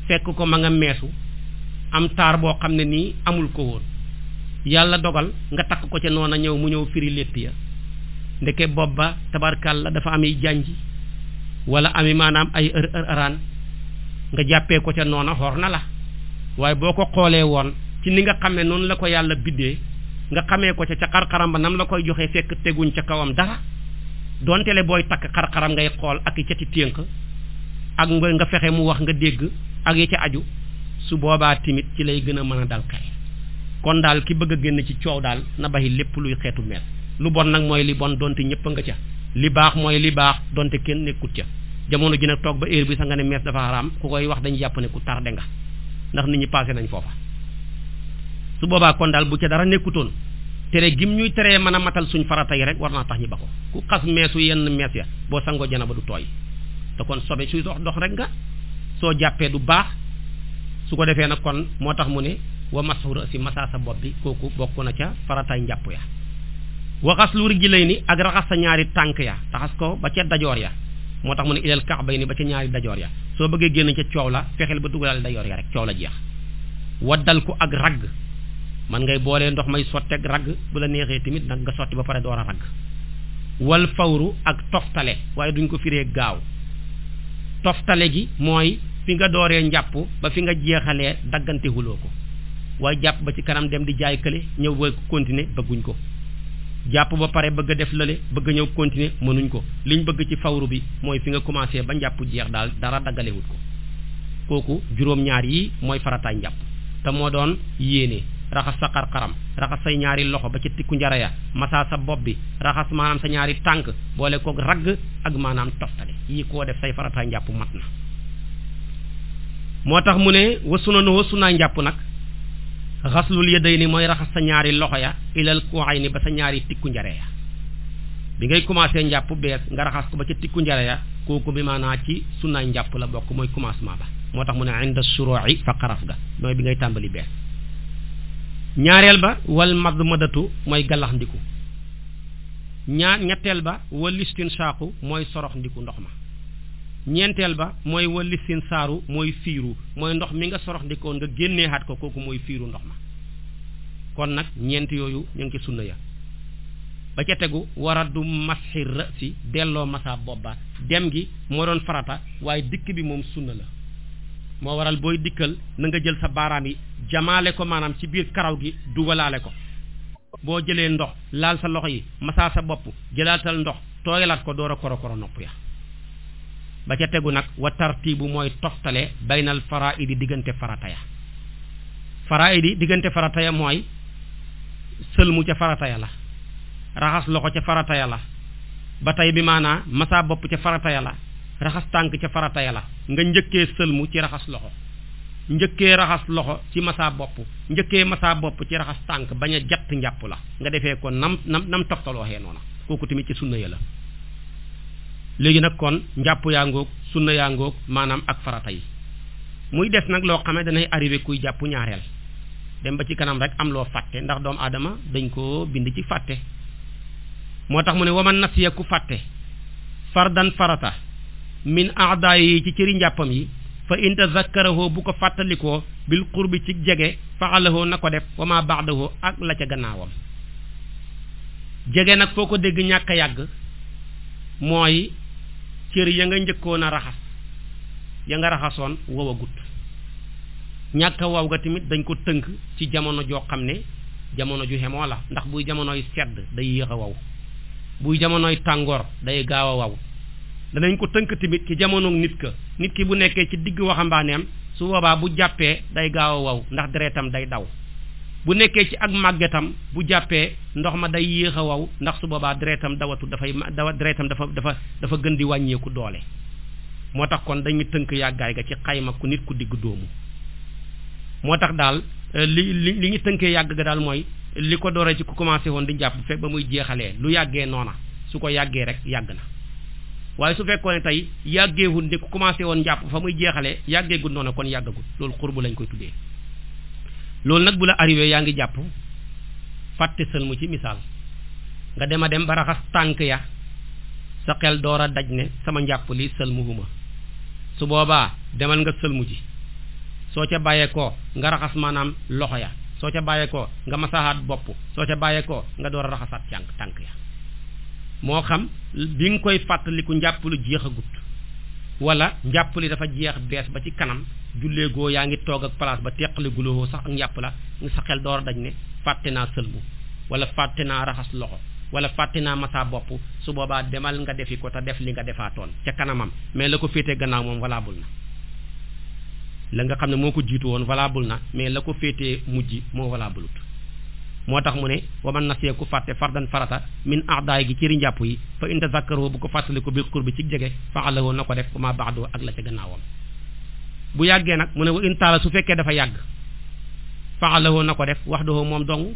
fekk ko ma nga meesu am taar boo xam ne nii amul ko woon yàlla dogal nga takk ko ca noona ñëw mu ñëw firi létt ya ndeke booba tabarkal la dafa am ay janji wala ami maanaam ay ër ër araan nga jàppee ko ca noona xor na la waaye boo ko xoolee woon ci ni nga xamee noonu la ko yàlla biddee nga xamee ko ca ca xar-xaram nam la koy joxee fekk teguñ ca kawam dara donte le booy takk xar-xaram ngay xool ak yi ca ci ténk ak nga fexe mu wax nga dégg ak yi ca aju su boobaa timit ci lay gën a mën a dal xel kon daal ki bëgg a génn ci coow daal na bàyyi lépp luy xeetu mel lu bon nag mooy li bon donte ñëpp nga ca li baax mooy li baax donte kenn nekkut ca jamono ji nag toog ba heure bi sax nga ne mees dafa xaraam ku koy wax dañu jàpp ne ku tardé nga ndax nit ñi passé nañ foofa su boobaa kon daal bu ca dara nekkutoon tere mu ñuy teree mën a matal suñ farata yi rek war naa tax ñu ba ko ku xas meesu yenn mees ya boo sangoo jana ba du tooy te kon sobe suy dox dox rek nga soo jàppee du baax su ko defee nag kon moo tax mu ne wa masxura si masaa sa bopp bi kooku bokk na ca farataay njàpp ya waxas lu rijlay ni ak raxas sa ñaari tànk ya taxas ko ba ca dajoor ya moo tax mu ne ilal kaabay ni ba ca ñaari dajoor ya soo bëggee génn ca coow la fexeel ba dugalaale dajoor ya rek coow la jeex waddal ko ak ragg man ngay boolee ndox may sotteeg ragg bu la neexee tamit nag nga sotti ba pare door a ragg wal fawru ak toftale waaye duñ ko fiire gaaw toftale gi mooy fi nga dooree njàpp ba fi nga jeexalee daggante ko waaye jàpp ba ci kanam dem di jaay kële ñëw ba continuer bëgguñ ko jàpp ba pare bëgg a def lale bëgg a ñëw continuer mënuñ ko liñ bëgg ci fawru bi mooy fi nga commencé ba njàpp jeex daal dara daggalewut ko kooku juróom-ñaar yi mooy farataay njàpp te moo doon yéene raxas sa xarxaram raxas say ñaari loxo ba ci tikku njara ya masaa sa bopp bi raxas maanaam sa ñaari tànk boole koog ragg ak maanaam toftale yi koo def say farataay njàpp mat na moo tax mu ne wasu na nu wasu naa njàpp nag xaslul yaday ni mooy raxas sa ñaari loxo ya ilal kuwaay ni ba sa ñaari tikku njare ya bi ngay commencé njàpp bees nga raxas ko ba ca tikku njare ya kooku bi maanaa ci sunnaay njàpp la bokk mooy commencement ba moo tax mu ne inda suroi fa xaraf ga mooy bi ngay tàmbali bees ñaareel ba wal mad madatu mooy gallax ñaar ñetteel ba wal istinsaaqu mooy sorox ndox ma ñeenteel ba mooy walli sin saaru mooy fiiru mooy ndox mi nga sorox ndikoon nga génnee ko kooku mooy fiiru ndox ma kon nag ñeent yooyu ñu ngi ci sunna ya ba ca tegu waradu masxi rasi delloo masaa bobba dem gi moo doon farata waaye dikk bi moom sunna la moo waral booy dikkal na nga jël sa baaraam yi jamaale ko maanaam ci biir karaw gi dugalaale ko boo jëlee ndox laal sa loxo yi masaa sa bopp jëlaatal ndox tooyalaat ko door a koro koro nopp ya ba ca tegu nag wa tartibu mooy toftale baynal faraidi diggante farataya faraidi diggante farataya mooy sëlmu ca farataya la raxas loxo ca farataya la ba tey bi maanaa masaa bopp ca farataya la raxas tànk ca farataya la nga njëkkee sëlmu ci raxas loxo njëkkee raxas loxo ci masaa bopp njëkkee masaa bopp ci raxas tànk bañ a jatt njàpp la nga defee ko nam nam nam toftalooxee noona kooku tamit ci sunna ya la léegi nag kon njàpp yaa ngoog sunna yaa ngoog maanaam ak farata yi muy des nag loo xamee danay arrivé kuy jàpp ñaareel dem ba ci kanam rek am loo fàtte ndax doomu aadama dañ koo bind ci fàtte moo tax mu ne waman nasiya ku fàtte fardan farata min aada yi ci cëri njàppam yi fa inta tazakkarahoo bu ko fàttalikoo bil qurbi ci jege faalahoo na ko def wa baax baadahoo ak la ca gannaawam jege nag foo ko dégg ñàkk yàgg mooy cër ya nga njëkkoon a raxas ya nga raxasoon wow agut ñàkk waw ga tamit dañ ko tënk ci jamono joo xam ne jamono ju xemoo la ndax buy jamonoy sedd day yéex a waw buy jamonoy tàngoor day gaaw a waw danañ ko tënk tamit ci jamono nit ka nit ki bu nekkee ci digg waxambaaneem su boobaa bu jàppee day gaaw a waw ndax deretam day daw bu nekkee ci ak màggetam bu jàppee ndox ma day yéex a waw ndax su boobaa deretam dawatu dafay dawa deretam dafa dafa dafa gën di wàññeeku doole moo tax kon dañuy tënk yàggaay ga ci xayma ku nit ku digg dóomu moo tax daal euh, li li li ñu tënkee yàgg ga daal mooy li ko dooree ci ku commencé woon di jàpp fekk ba muy jeexalee lu yàggee noona su ko yàggee rek yàgg na waaye su fekkoon ne tey yàggeewul ne ku commencé woon jàpp fa muy jeexalee yàggeegul noona kon yàggagul loolu xurbu lañ koy tuddee loolu nag bu la arrivé yaa ngi jàpp fàtte sëlmu ci misaal nga dem a dem ba raxas tànk ya sa xel door a daj ne sama njàpp li sëlmuhuma su boobaa demal nga sëlmu ji soo ca bàyyeekoo nga raxas maanaam loxo ya soo ca bàyyeekoo nga masaxaat bopp soo ca bàyyeekoo nga door a raxasaat cànk tànk ya moo xam bi nga koy fàttaliku njàpp lu jeexagut wala njàpp li dafa jeex bees ba ci kanam julleegoo yaa ngi toog ak place ba teqali sax ak njàpp la nga sa xel door dañ ne fàtte naa sëlmu wala fàtte naa raxas loxo wala fàtte naa masaa bopp su boobaa demal nga defi ko te def li nga defaatoon ca kanamam mais la ko féetee gannaaw moom valable na la nga xam ne moo ko jiitu woon valable na mais la ko féetee mujj moo valable moo tax mu ne wa man nasiya ku fàtte fardan farata min aadaay gi ci rinjàpp yi fa in tazakkaroo bu ko fàttali ko bil qurbi ci jege fa allahu na ko def ma ba'du ak la ca gannaawam bu yàggee nag mu ne wa in su fekkee dafa yàgg fa na ko def wahdahu moom dong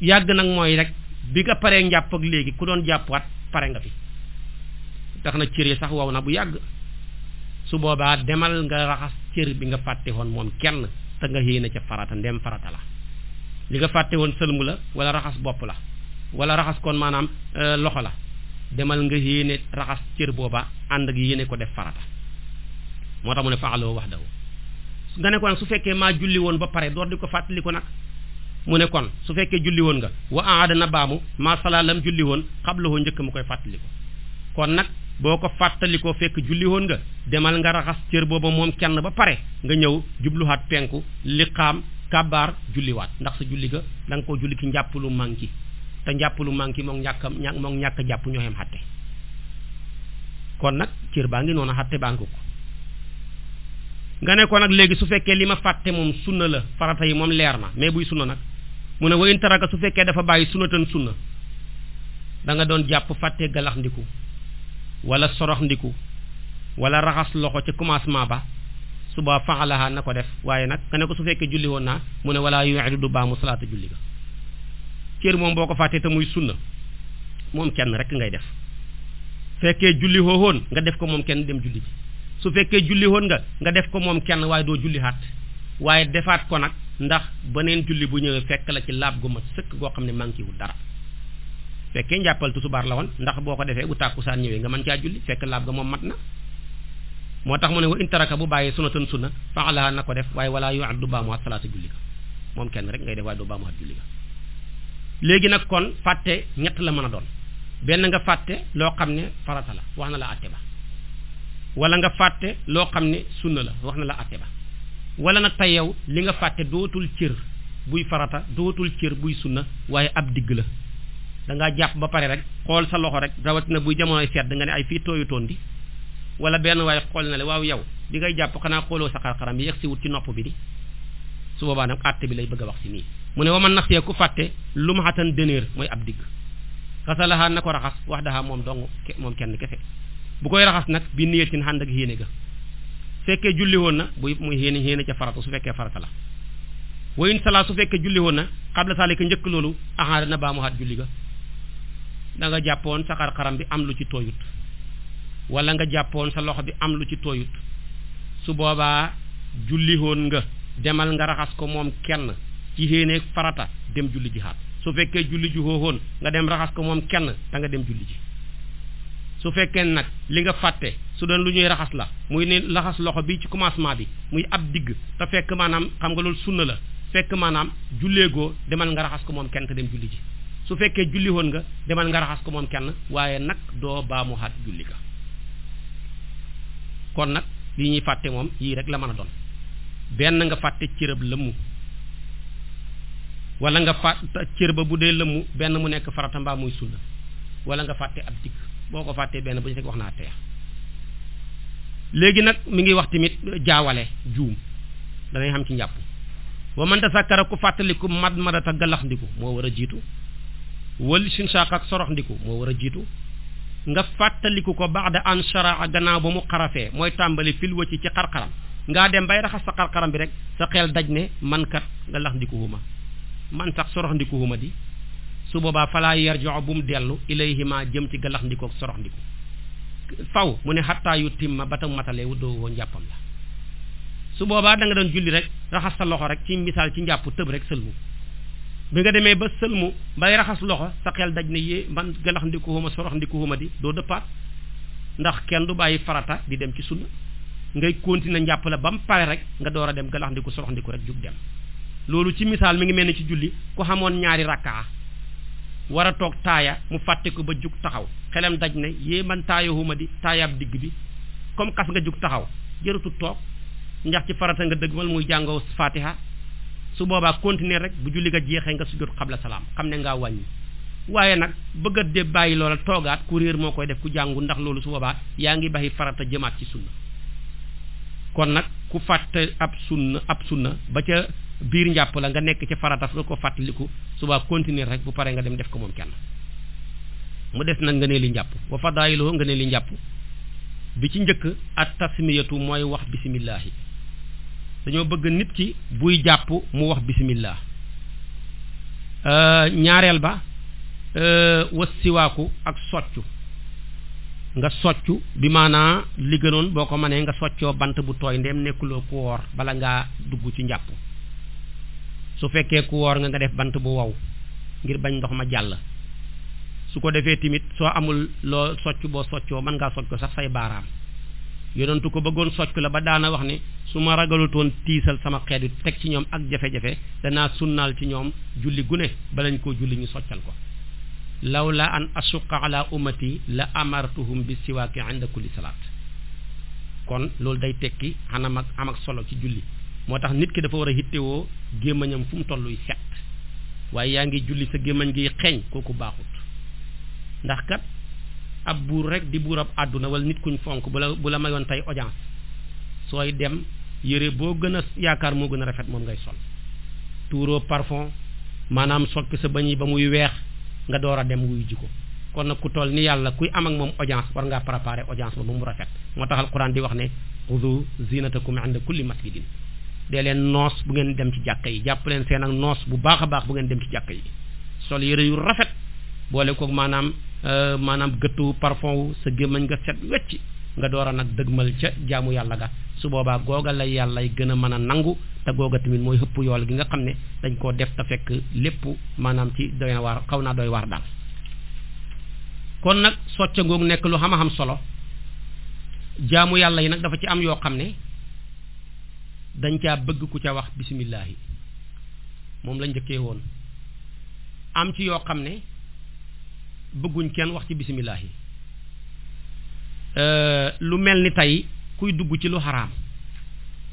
yàgg nag mooy rek bi nga paree njàpp ak léegi ku doon jàppaat pare nga fi tax na cër yi sax wow na bu yàgg su boobaa demal nga raxas cër bi nga fàtte woon moom kenn te nga yéene ca farata ndem farata la li nga fàtte woon sëlmu la wala raxas bopp la wala raxas kon maanaam euh, loxo la demal nga yéene raxas cër booba ànd ak yéene ko def farata moo tax mu ne faaloo wax daw nga ne ko su fekkee maa julli woon ba pare door di ko fàttali ko nag mu ne kon su fekkee julli woon nga wa aada na baamu maa salaa lam julli woon xablahoo njëkk mu koy fàttali ko kon nag boo ko fàttalikoo fekk julli woon nga demal nga raxas cër booba moom kenn ba pare nga ñëw jubluwaat penku liqaam kàbbaar julliwaat ndax sa julli ga da nga koo julli ki njàpp lu manqué te njàpp lu manqué moom ñàkk ña ñàkk jàpp ñoo yem xatte kon nag cër baa ngi noonu xatte baa nga ne ko nag léegi su fekkee li ma fàtte moom sunna la farata yi moom leer na mais buy sunna nag mu ne wa in taraka su fekkee dafa bàyyi sunnatan sunna da nga doon jàpp fàtte galax ndiku wala sorox wala raxas loxo ca commencement ba subaa faxalaha na ko def waaye nag nga ne ko su fekkee julli woon naa mu ne wala yuidu du baamu salaata julli ga cër moom boo ko fàttee te muy sunna moom kenn rek ngay def fekkee julli hoohoon nga def ko moom kenn dem julli su fekkee julli hoon nga nga def ko moom kenn waaye doo julli xaat waaye defaat ko nag ndax beneen julli bu ñëwee fekk la ci laab gu ma sëkk goo xam ne manqué wul dara fekkee njàppal tusubaar la woon ndax boo ko defee bu tàkku tàkkusaan ñëwee nga mën caa julli fekk laab ga moom mat na moo tax mu ne wa intaraka bu bàyyi sunatan sunna fa na ko def waaye wala yuat du baamuwaat salaata julli ga moom kenn rek ngay def waaye du baamuwaat julli ga léegi nag kon fàtte ñett la mën a doon benn nga fàtte loo xam ne farata la wax na la atte ba wala nga fàtte loo xam ne sunna la wax na la atte ba wala nag tey yow li nga fàtte dootul cër buy farata dootul cër buy sunna waaye ab digg la da ngaa jàpp ba pare rek xool sa loxo rek rawatina buy jamonoy sedd nga ne ay fii tooyu toon wala benn waaye xool na le waaw yow bi ngay jàpp xanaa xooloo sa xarxaram bi yegg si ci nopp bi di su boobaa nag àtte bi lay bëgg a wax si nii mu ne wa man nax see ku fàtte lu ma xatan dëneer mooy ab digg xasalaxaa na ko raxas wax daxaa moom dong moom kenn kese bu koy raxas nag bi niyetin xànd ak yéene ga fekkee julli woon na buy muy yéene yéene ca farata su fekkee farata la wa in sala su fekkee julli woon na xabla saalika njëkk loolu axaar na baamuwaat julli ga da nga jàppoon sa bi am lu ci tooyut wala nga jàppoon sa loxo bi am lu ci tooyut su boobaa julli jullihoon nga demal nga raxas ko moom kenn ci xéeneeg dem julli ji xaat su fekkee julli ji xooxoon nga dem raxas ko moom kenn da nga dem julli su fekkee nag li nga fàtte su doon lu ñuy raxas la muy ne raxas loxo bi ci commencement bi muy ab digg te fekk maanaam xam nga loolu sunna la fekk maanaam julleegoo demal nga raxas ko moom kenn te dem julli ji su fekkee julli woon nga demal nga raxas ko moom kenn waaye nag doo baamu xaat julli ka kon nag li ñuy fàtte moom yii rek la mën a doon benn nga fàtte cërëb lëmmu walla nga fàtte cër ba bu dee lëmmu benn mu nekk farata mbaa muy sunna wala nga fàtte ab dikk boo ko fàttee benn bu ñu fekk wax naa teex léegi nag mu ngi wax tamit jaawale juum danañ xam ci njàpp wa man tasakkara ku fàttaliku mat madata galax ndiku moo war a jiitu wal sinsaaq ak sorox ndiku moo war a jiitu nga fàttaliku ko ba'da an sharaa gannaaw ba mu xarafee mooy tàmbali filwa ci ci xarxaram ngaa dem bay raxas sa xarxaram bi rek sa xel daj ne mankat kat nga lax ndikuwuma man sax sorox di su boobaa falaa joxo bu mu dellu ilayhima jëm ci galax ndikoog sorox faw mu ne xattaa yu timma ba tam matalee wuddoo woo njàppam la su boobaa da nga doon julli rek raxas sa loxo rek ci misaal ci njàppu tëb rek sëlmu bi nga demee ba sëlmu bay raxas loxo sa xel daj na yee man galax ndikuhuma sorox ndikuhuma di doo dëppaat ndax kenn du bàyyi farata di dem ci sunna ngay continuer njàpp la ba mu pare rek nga door a dem galax ndiku sorox rek jug dem loolu ci misaal mi ngi mel ni ci julli ku xamoon ñaari rakkaa war a toog taaya mu fàtte ko ba jug taxaw xelam daj ne yee man taayahuma di taayaab digg bi comme kas nga jug taxaw jërëtu toog ndax ci farata nga dëgmal muy jàngoo fatiha su boobaa continuer rek bu julli ga jeexee nga sujjóot xabla salaam xam ne ngaa wàññi waaye nag bëgg a de bàyyi loola toogaat ku réer moo koy def ku jàngu ndax loolu su boobaa yaa ngi baxi farata jëmaat ci sunna kon nag ku fàtte ab sunna ab sunna ba ca biir njàpp la nga nekk ca farata nga ko fàttaliku subaa continuer rek bu paree nga dem def ko moom kenn mu des nag nga ne li njàpp wa fadaayiloo nga ne li njàpp bi ci njëkk at tasmiyatu mooy wax bisimillahi dañoo bëgg nit ki buy jàpp mu wax bismillah euh, ñaareel ba euh, was siwaaku ak soccu nga soccu bi maanaa li gënoon boo ko mënee nga soccoo bant bu tooy ndem nekkuloo ku woor bala ngaa dugg ci njàpp su fekkee ku woor nga nga def bant bu wow ngir bañ ndox ma jàll su ko defee tamit soo amul loo socc boo soccoo mën ngaa socc ko sax say baaraam yonentu ko bëggoon socc la ba daana wax ni su ma ragalutoon tiisal sama xeet teg ci ñoom ak jafe-jafe danaa sunnaal ci ñoom julli gune ba balañ koo julli ñu soccal ko lawla an asuqa ala ummati la amartuhum bi siwaaki inda kulli salaat kon loolu day tekki xanam ak am ak solo ci julli moo tax nit ki dafa war a hittewoo gémmañam fu mu tolluy set waaye yaa ngi julli sa gémmañ gi xeeñ kooku baaxut ndax kat ab buur rek di buur ab àdduna wala nit kuñ fonk bu la bu la mayoon tey audience sooy dem yére boo gën a yaakaar moo gën a rafet moom ngay sol tuuroo parfum maanaam soppi sa bañ yi ba muy weex nga door a dem wuy ji ko kon nag ku toll ni yàlla kuy am ak moom audience war ngaa préparer audience ba ba mu rafet moo tax al alquran di wax ne xudu zinatakum inda kulli masjidin dee leen noos bu ngeen dem ci jàkka yi jàpp leen seen ak noos bu baax a baax bu ngeen dem ci jàkka yi Euh, maanaam gëttu parfum wu sa gémmañ nga set wecc nga door a nag dëgmal ca jaamu yàlla ga su boobaa googa lay yàllay gën a mën a nangu te googa tamit mooy xëpp yoola gi nga xam ne dañ koo def te fekk lépp maanaam ci doy waar xaw naa doy waar daal kon nag socce ngoog nekk lu xam a xam solo jaamu yàlla yi nag dafa ci am yoo xam ne dañ caa bëgg ku ca wax bisimillahi moom lañ njëkkee woon am ci yoo xam ne bëgguñ kenn wax ci bisimilah euh, lu mel ni tey kuy dugg ci lu xaraam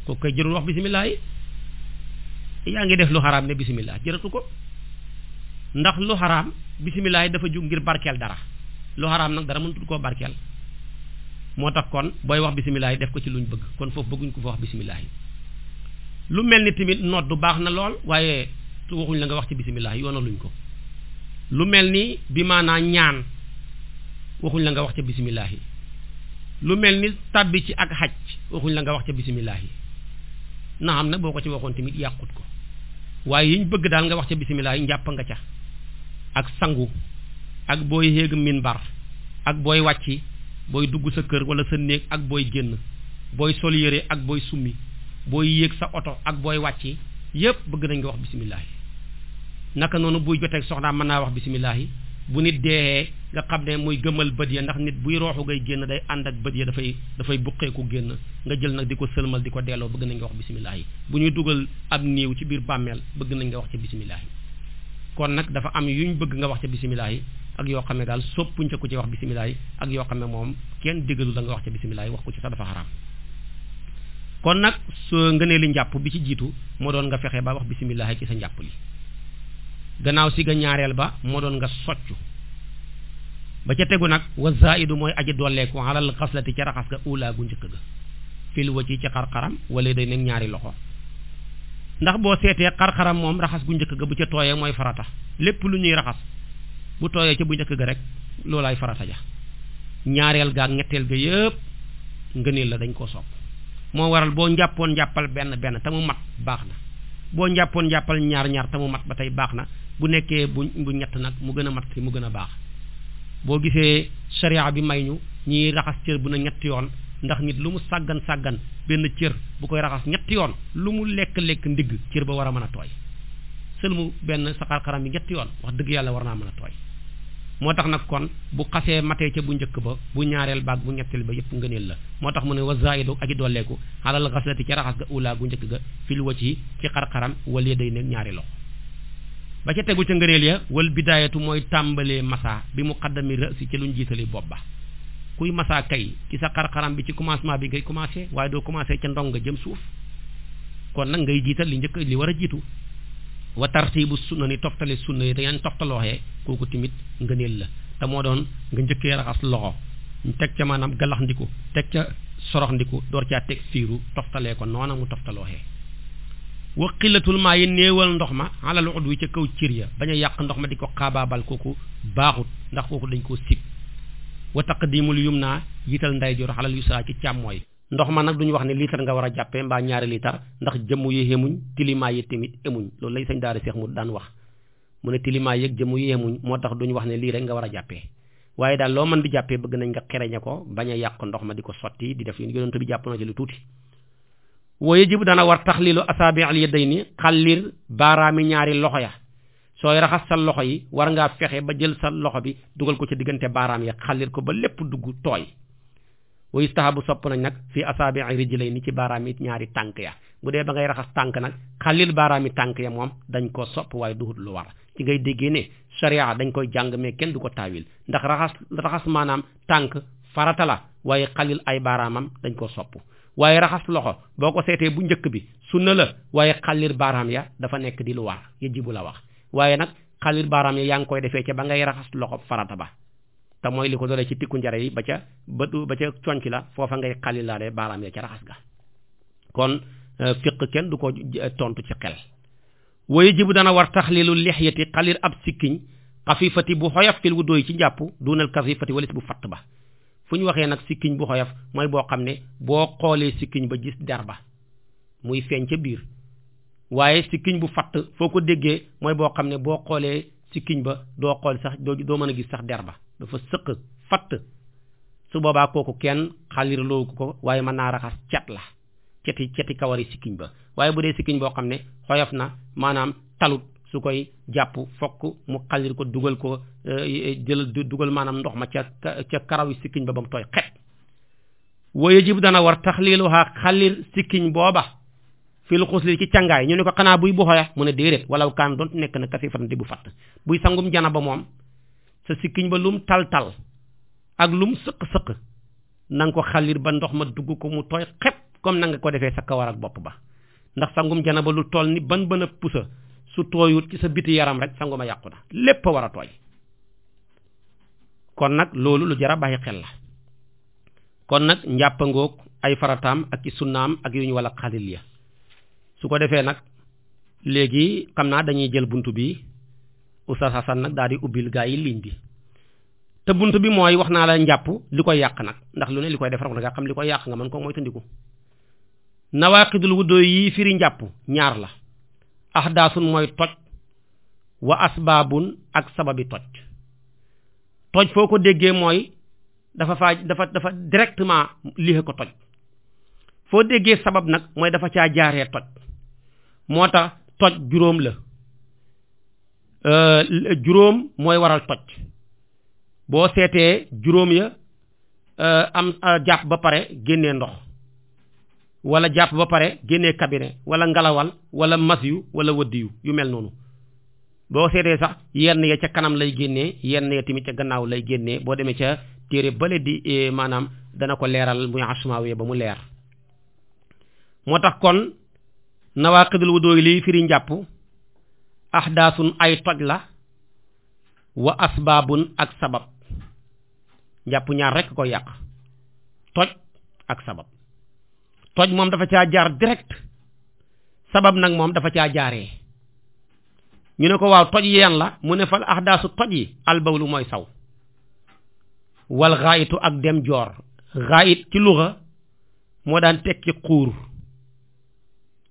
kooku koy jërul wax bisimilah yaa ngi def lu xaraam ne bisimilah jëratu ko ndax lu xaraam bisimilah dafa jóg ngir barkeel dara lu xaraam nag dara mënut koo barkeel moo tax kon booy wax bisimilah yi def ko ci luñ bëgg kon foofu bëgguñ ko fa wax bisimilah lu mel ni tamit noot du baax na lool waaye waxuñ la nga wax ci bisimilah yoonaluñ ko. lu mel ni bi maanaa ñaan waxuñ la nga wax ca bisimilahi lu mel ni tàbbi ci ak xaj waxuñ la nga wax ca bisimilahi na xam nag boo ko ci waxoon tamit yàqut ko waaye yiñ bëgg daal nga wax ca bisimilahi njàpp nga ca ak sangu ak booy yéeg minbar ak booy wàcci booy dugg sa kër wala sa néeg ak booy génn booy sol yére ak booy summi booy yéeg sa oto ak booy wàcci yépp bëgg nañ nga wax bisimilahi naka noonu buy joteeg soxnaa mën naa wax bisimilahi bu nit dee nga xam ne muy gëmal bët ya ndax nit buy rooxu ngay génn day ànd ak bët ya dafay dafay buqeeku génn nga jël nag di ko sëlmal di ko delloo bëgg nañ nga wax bisimilahi bu ñuy dugal ab niiw ci biir bàmmeel bëgg nañ nga wax ca bisimilahi kon nag dafa am yu ñu bëgg nga wax ca bisimilahi ak yoo xam ne daal soppuñ ca ko ci wax bisimilahi ak yoo xam ne moom kenn déggalu la nga wax ca bisimilahi wax ko ci sax dafa nag soo ngënee li njàpp bi ci jiitu moo doon nga fexe ba wax bisimilahi ci sa njàpp li gannaaw si ga ñaareel ba moo doon nga soccu ba ca tegu nag wa zaidu mooy aji dolleeku alal xaslati ca raxas ga uulaa gu njëkk ga fil wa ci ca xarxaram wala day nag ñaari loxo ndax boo seetee xarxaram moom raxas gu njëkk ga bu ca tooyee mooy farata lépp lu ñuy raxas bu tooyee ca bu njëkk ga rek loolaay farata ja ñaareel ga ak ñetteel ga yëpp ngëneel la dañ koo soob moo waral boo njàppoon njàppal benn benn te mu mat baax na boo njàppoon njàppal ñaar ñaar te mu ba tey baax na bu nekkee bu bu ñett nag mu gën a mat si mu gën a baax boo gisee sharia bi may ñu ñiy raxas cër bu na ñetti yoon ndax nit lu mu sàggan sàggan benn cër bu koy raxas ñetti yoon lu mu lekk-lekk ndigg cër ba war a mën a tooy mu benn sa xarxaram bi ñett yoon wax dëgg yàlla war naa mën a tooy moo tax nag kon bu xasee matee ca bu njëkk ba bu ñaareel baag bu ñetteel ba yëpp ngëneel la moo tax mu ne wa zaidu aji dooleeku xalal xaslati ca raxas ga ula gu njëkk ga fil wacc yi ci xarxaram day ne ñaari loxo ba ca tegu ca ngëreel ya wal bidaayatu mooy tàmbalee masa bi mu xaddami rësi ci ñu jiitali bopp ba kuy masa kay ci sa xar-xaram bi ci commencement bi ngay commencé waaye doo commencé ca ndong nga jëm suuf kon nag ngay jiital li njëkk li war a jiitu wa tartibu sunna ni toftale sunna yi dañaan toftaloxee kooku tamit ngëneel la te moo doon nga njëkkee raxas loxo teg ca maanaam galax ndiku teg ca sorox door caa teg fiiru toftalee ko noona mu toftalooxee wa xillatul maa yi néewal ndox ma alal ud wi ca kaw cër ya bañ a yàq ndox ma di ko xaabaabal kooku baaxut ndax kooku dañ koo sib wa taqdimul yum naa yital nday jor xalal yusaa ci càmmooy ndox ma nag duñu wax ne liitar nga war a jàppee mbaa ñaari liitar ndax jëmm yi xemuñ tilimaa yi tamit emuñ loolu lay sañ daara seex mu daan wax mu ne tilimaa yeeg jëmm yi xemuñ moo tax duñu wax ne lii rek nga war a jàppee waaye daal loo mën di jàppee bëgg nañ nga xereñe ko bañ yàq ndox ma di ko sotti di def yonent bi jàpp na ci lu tuuti wa yajibu dana war taxliilu asaabi al yadayni xàllir baaraami ñaari loxo ya sooy raxas sa loxo yi war ngaa fexe ba jël sa loxo bi dugal ko ci diggante baaraam ya xàllir ko ba lépp dugg tooy wa yustahabu sopp nañ nag fii asaabi rijlayni ci baaraam yi ñaari tànk ya bu dee ba ngay raxas tànk nag xàllil baaraam yi tànk ya moom dañ koo sopp waaye duhut lu war ci ngay déggee ne sharia dañ koy jàng mais kenn du ko taawil ndax raxas raxas maanaam tànk farata la waaye xàllil ay baaraamam dañ koo sopp waaye raxas loxo boo ko seetee bu njëkk bi su sunna la waaye xàllir baaraam ya dafa nekk di lu war yajibu la wax waaye nag xàllir baaraam ya yaa ngi koy defee ca ba ngay raxas loxo farata ba te mooy li ko dolee ci tikku njare yi ba ca ba ba ca conc la foofa ngay xàllilaalee baaraam ya ca raxas ga kon euh, fiq kenn du ko tontu ci xel wa yajibu dana war tax taxlilu lixyati xalir ab sikkiñ xafifati bu xoyof fil wu doy ci njàpp dunal xafifati walis bu fatt ba bu ñu waxee nag sikkiñ bu xoyof mooy boo xam ne boo xoolee sikkiñ ba gis der ba muy feeñ ca biir waaye sikkiñ bu fatt foo ko déggee mooy boo xam ne boo xoolee sikkiñ ba doo xool sax doo doo mën a gis sax der ba dafa sëq fatt su boobaa kooku kenn xalirloo ko waaye mën naa raxas cet la ceti ceti kawari sikkiñ ba waaye bu dee sikkiñ boo xam ne xoyof na maanaam talut su koy jàpp fokk mu xalir ko dugal ko eh, eh, jël dugal maanaam ndox ma ca ca karaw yi sikkiñ ba ba mu tooy xet wa yajib dana war taxliluha xalir sikkiñ booba fil xusli ci cangaay ñu ne ko xanaa buy boxoya mu ne déedéet walaw kaan doon nekk na kasi fatan di bu fatt buy sangum jana ba moom sa sikkiñ ba lum tal-tal ak lum sëq-sëq na ko xalir ba ndox ma dugg ko mu tooy xep comme na nga ko defee sa kawar ak bopp ba ndax sangum jana ba su tooyut ci sa biti yaram rek sangu ma yàqu na lépp a war a tooy kon nag loolu lu jar a bàyyi xel la kon nag njàpp njàppangoog ay farataam ak i sunnaam ak yu ñu wala xalil ya su ko defee nag léegi xam naa dañuy jël bunt bi Oustaz Assane nag daal di ubbil gaa yi ligne bi te bunt bi mooy wax naa la njàpp li ko yàq nag ndax lu ne li koy defar ko a xam li ko yàq nga mën ko moytandiku nawaaqidul wuddoo yi firi njàpp ñaar la axdaasun mooy toj wa asbaabun ak sababi toj toj foo ko déggee mooy dafa faa dafa dafa directement lixe ko toj foo déggee sabab nag mooy dafa caa jaaree toj moo tax toj juróom la euh, juróom mooy waral toj boo seetee juróom ya euh, am euh, jàpp ba pare génnee ndox wala jàpp ba pare génnee cabinet wala ngalawal wala masiyu wala wëddiyu yu mel noonu boo seetee sax yenn ya ca kanam lay génnee yenn ya tamit ca gannaaw lay génnee boo demee ca téere bale di e, maanaam dana ko leeral muy asmaawiya ba mu leer moo tax kon nawaaqidul wudoo yi liy firi njàpp ahdaasun ay toj la wa asbaabun ak sabab njàpp ñaar rekk ko yàq toj ak sabab toj moom dafa caa jaar direkt sabab nag moom dafa caa jaaree ñu ne ko waaw toj yeen la mu ne fal ahdaasu toj yi albawlu mooy saw wal xaayitu ak dem joor xaayit ci luxa moo daan tekki xuur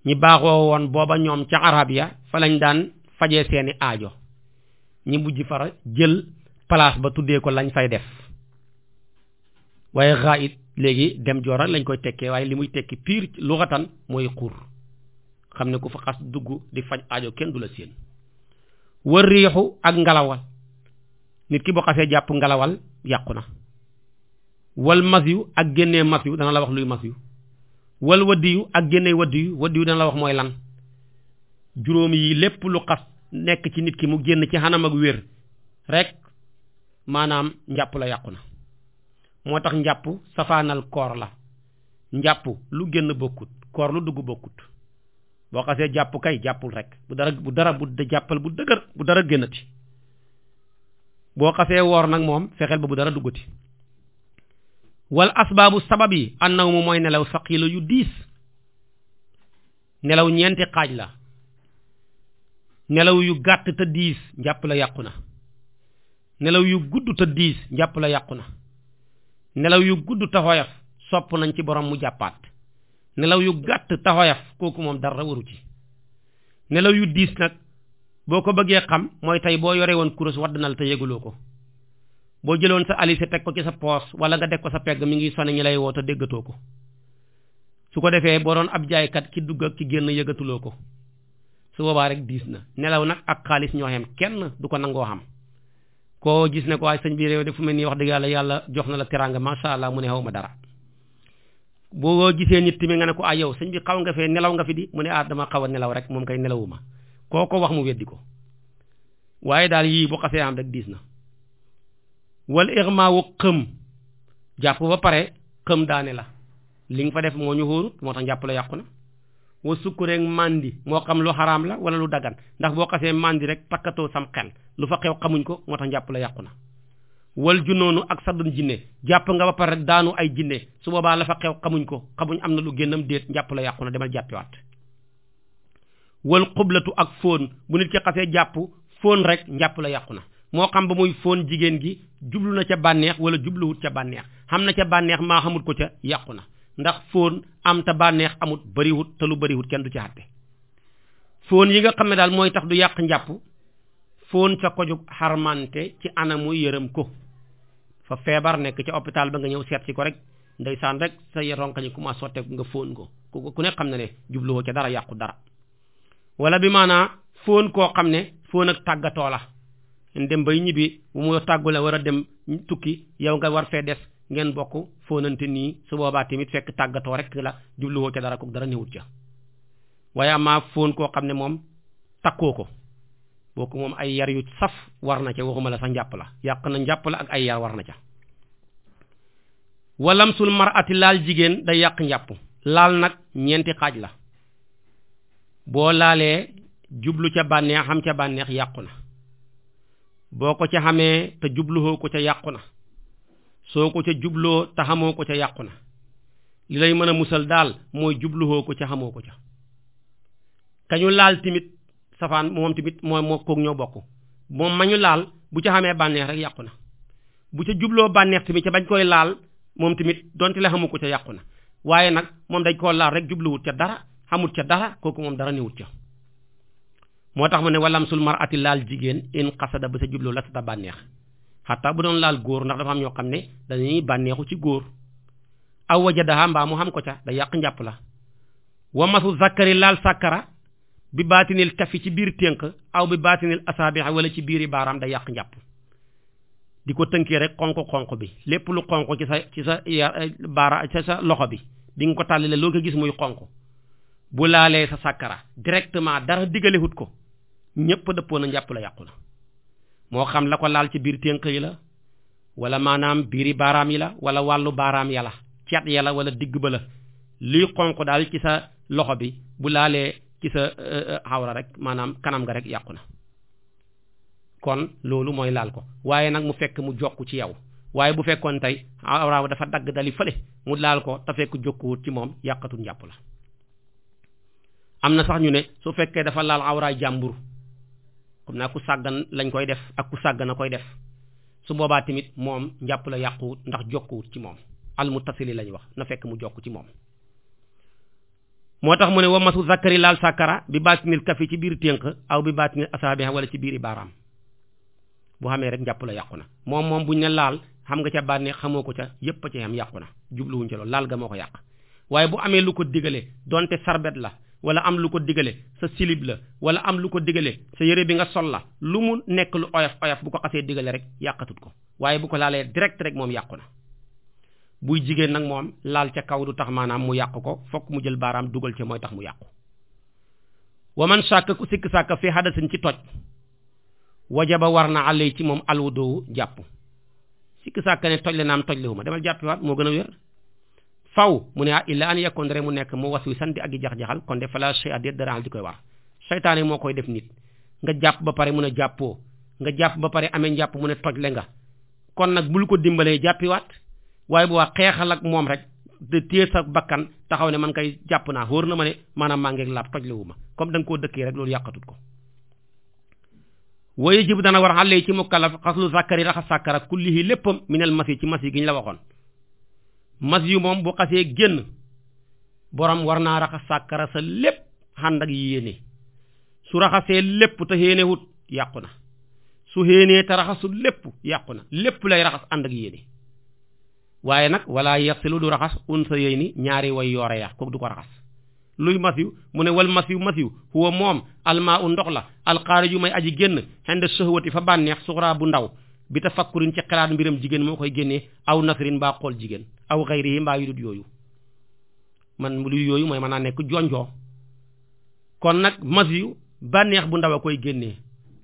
ñi baaxoo woon booba ñoom ca arab ya fa lañ daan faje seeni aajo ñi mujj fara jël palaas ba tuddee ko lañ fay def waaye xaayit léegi dem joor joora lañ koy tekkee waaye li muy tekki piir luxatan mooy xur xam ne ku fa xas dugg di faj ajo kenn du la séen war riixu ak ngalawal nit ki boo xasee jàpp ngalawal yàqu na wal yu ak génnee yu dana la wax luy masiw wal yu ak génnee waddiyu waddiyu dana la wax mooy lan juróom yi lépp lu xas nekk ci nit ki mu génn ci xanam ak wér rek maanaam njàpp la yàqu na moo tax njàpp safaanal koor la njàpp lu génn bokkut koor lu dugg bokkut boo xasee jàpp kay jàppul rek bu dara bu dara bu jàppal bu dëgër bu dara génnati boo xasee woor nag moom fexeel ba bu dara duggati wal asbaabu sabab yi annaw mu mooy nelaw saqiilu yu diis nelaw ñeenti xaaj la nelaw yu gàtt te njàpp la yàqu na nelaw yu gudd te njàpp la yàqu na nelaw yu gudd taxoyaf sopp nañ ci borom mu jàppaat nelaw yu gàtt taxoyaf kooku moom dara waru ci nelaw yu diis nag boo ko bëggee xam mooy tey boo yore woon kurus wadd na la te yëguloo ko boo jëloon sa alise teg ko ci sa poos wala nga teg ko sa pegg mu ngi sone ñi lay woo déggatoo ko su ko defee boo doon ab jaaykat ki dugg ak ki génn yégatuloo ko su boobaa rek diis na nelaw nag ak xaalis ñoo xam kenn du ko nangoo xam koo gis ne ko waaye sëñ bi réew de fu mel nii wax dëgg yàlla yàlla jox na la teraanga macha allah mu ne xaw ma dara boo gisee nit tamit nga ne ko ay ah, yow sëñ bi xaw nga fee nelaw nga fi di mu ne ah dama xaw a nelaw rek moom kay nelawuma koo ko wax mu weddi ko waaye daal yii bu xasee am rek diis na wal irma wu xëm jàpp ba pare xëm daane la li nga fa def moo ñu xóorut moo tax njàpp la yàqu na wa sukkureek màndi moo xam lu xaraam la wala lu dagan ndax boo xasee màndi rek takkatoo sam xel lu fa xew xamuñ ko moo tax njàpp la yàqu na wal junoonu ak saddun jinne jàpp nga ba pare daanu ay jinne su boobaa la xew xamuñ ko xamuñ am na lu génnam déet njàpp yàqu na demal jàppiwaat wal xublatu ak fóon bu nit ki xasee jàpp fóon rek njàpp la yàqu na moo xam ba muy fóon jigéen gi jublu na ca bànneex wala jubluwut ca bànneex xam na ca bànneex maa xamut ko ca yàqu na ndax fóon am te bànneex amut bariwut te lu bariwut kenn du ci àtte fóon yi nga xam ne daal mooy tax du yàq njàpp fóon sa kojug xarmante ci anamu yërëm ko fa feebar nekk ca hôpital ba nga ñëw seet si ko rek ndeysaan rek sa ronkañi commencé sotteeku nga fóon ko ku ku ne xam ne ne jubluwoo ca dara yàqu dara wala bi maanaa fóon koo xam ne fóon ak tàggatoo la dem bay ñibbi bu mu tàggule war a dem tukki yow nga war fee des ngeen bokk fóonante nii su boobaa tamit fekk tàggatoo rek la jubluwoo ca dara ko dara newut ca waaye amaa fóon koo xam ne moom takkoo ko bokku moom ay yar yu saf war na ca waxuma la sa njàpp la yàq na njàpp la ak ay yar na ca walamsul mar'ati laal jigéen day yàq njàpp laal nag ñeenti xaaj la boo laalee jublu ca bànneex xam ca bànneex yàqu na boo ko ca xamee te jubluwoo ko ca yàqu na soo ko ca jubloo te xamoo ko ca yàqu na li lay mën a musal daal mooy jubluwoo ko ca xamoo ko ca kañu laal tamit safaan moom tamit mooy moo koog ñoo bokk moom ma ñu laal bu ca xamee bànneex rek yàqu na bu ca jubloo bànneex tamit ca bañ koy laal moom tamit donte la xamu ko ca yàqu na waaye nag moom dañ koo laal rek jubluwut ca dara xamut ca dara kooku moom dara newut ca moo tax mu ne walamsul mar'ati laal jigéen in xasada ba sa jubloo la sata bànneex xataa bu doon laal góor ndax dafa am ñoo xam ne dañuy bànneexu ci góor aw wajadaha mbaa mu xam ko ca da yàq njàpp la wa masu zakkari laal sàkkara bi baatinil kafi ci biir ténk aw bi baatinil asaabiha wala ci biir biiri baaraam da yàq njàpp di ko tënkee rek xonq-xonq bi lépp lu xonq ci sa ci sa baara ci sa loxo bi di nga ko tàllale loo ko gis muy xonq bu laalee sa sàkkara directement dara diggalewut ko ñépp dëppoo na njàpp la yàqu la moo xam la ko laal ci biir ténk yi la wala maanaam biiri baaraam yi la wala wàllu baaraam ya la cat ya la wala digg ba la luy xonq daal ci sa loxo bi bu laalee ci sa xawra euh, euh, rek maanaam kanam nga rek yàqu na kon loolu mooy laal ko waaye nag mu fekk mu jokk ci yow waaye bu fekkoon tey xawra dafa dagg dali fële mu laal ko te fekk jokkuwut ci moom yàqatu njàpp la am na sax ñu ne su fekkee dafa laal xawraay jàmbur xam naa ku sàggan lañ koy def ak ku sàggan a koy def su boobaa tamit moom njàpp la yàquwut ndax jokkuwut ci moom al muttasili lañ wax na fekk mu jokk ci moom moo tax mu ne wa masu zakkari laal sàkkara bi baatinil kafi ci biir ténk aw bi baatinil asaabi wala ci biiri baaraam bu xamee rek njàpp la yàqu na moom moom buñ ne laal xam nga ca bànne xamoo ko ca yépp a ca am yàqu na jubluwuñ ca loolu laal ga moo ko yàq waaye bu amee lu ko donte sarbet la wala am lu ko digale sa silib la wala am lu ko digale sa yëre bi nga sol la lu mu nekk lu oyof oyof bu ko xasee digale rek yàqatut ko waaye bu ko laalee direkt rek moom yàqu na buy jigéen nag moom laal ca kaw du tax maanaam mu yàqu ko fokk mu jël baaraam dugal ca mooy tax mu yàqu wa man sàkk ku sikk sàkk fi hadasin ci toj wajaba war na àllay ci moom alwudoowu jàpp sikk sàkk ne toj le naam toj wu ma demal jàppiwaat moo gën a wér faw mu ne ah illa an yakun rek mu nekk mu was wi di ak i jax-jaxal kon de fala a adet dara al di koy war seytaane moo koy def nit nga jàpp ba pare mun a jàppoo nga jàpp ba pare amee njàpp mu ne toj le nga kon nag bu lu ko dimbalee jàppiwaat waaye bu waa xeexal ak moom rek de téye sa bakkan taxaw ne man kay jàpp naa wóor na ma ne maanaam maa ngeeg laab toj lewu ma comme da nga koo dëkkee rek loolu yàqatut ko waye jib dana war xale ci mukallaf xaslu sàkkar yi raxas sàkkar ak kullihi léppam minal masi ci masi gi ñu la waxoon mas yu moom bu xasee génn borom war naa raxas sàkkara sa lépp xànd ak yéene su raxasee lépp te xéenewut yàqu na su xéenee te raxasul lépp yàqu na lépp lay raxas ànd ak yéene waaye nag wala yasilu du raxas un sa yéy ni ñaari way yoore ya kooku du ko raxas luy yu mu ne wal masiw yu huwa moom almaa u ndox la yu may aji génn xend sëhwati fa bànneex suxraa bu ndaw bi tafakkurin ci xalaat mbiram jigéen moo koy génnee aw nasarin mbaa xool jigéen aw xayri yi mbaa yu dut yooyu man luy yooyu mooy man naa nekk jonjoo kon nag mas yu bànneex bu ndaw a koy génnee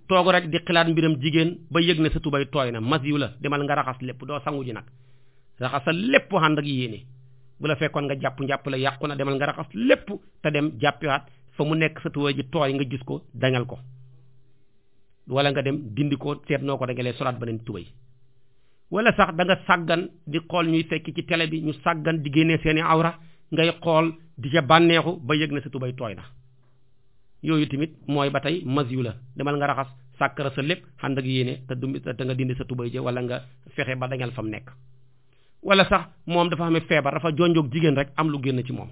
toog rek di xalaat mbiram jigéen ba yëg ne sa tubay tooy na mas yu la demal nga raxas lépp doo sangu ji nag raxasal lépp ànd ak yéene bu la fekkoon nga jàpp njàpp la yàqu na demal nga raxas lépp te dem jàppiwaat fa mu nekk sa tubay ji tooy nga gis ko dañal ko wala nga dem dindi ko seet noo ko regalee solaat beneen tubay wala sax da sàggan di xool ñuy fekk ci télé bi ñu sàggan di génnee seeni awra ngay xool di ca bànneexu ba yëg na sa tubay tooy na yooyu tamit mooy ba tey mas yu la demal nga raxas sàkkara sa lépp xànd ak yéene te du te nga dindi sa tubay ja wala nga fexe ba fa mu nekk wala sax moom dafa amee feebar dafa jonjoog jigéen rek am lu génn ci moom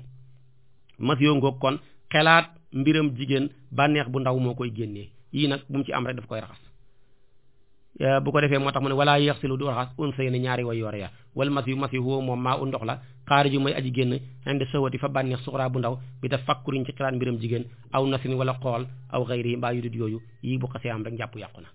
mas yoo ngoog kon xelaat mbiram jigéen bànneex bu ndaw moo koy génnee yii nag bu mu ci am rek daf koy raxas bu ko defee moo tax mu ne wala lu du raxas un sëy ne ñaari way yoore ya wal mas yu mas yu woo moom maa u ndox la xaariju mooy aji génn inde sawati fa bànneex suxraa bu ndaw bi ta fakkuriñ ci xalaat mbiram jigéen aw nasin wala xool aw xayri mbaa yu dut yooyu yii bu xasee am rek njàpp yàqu na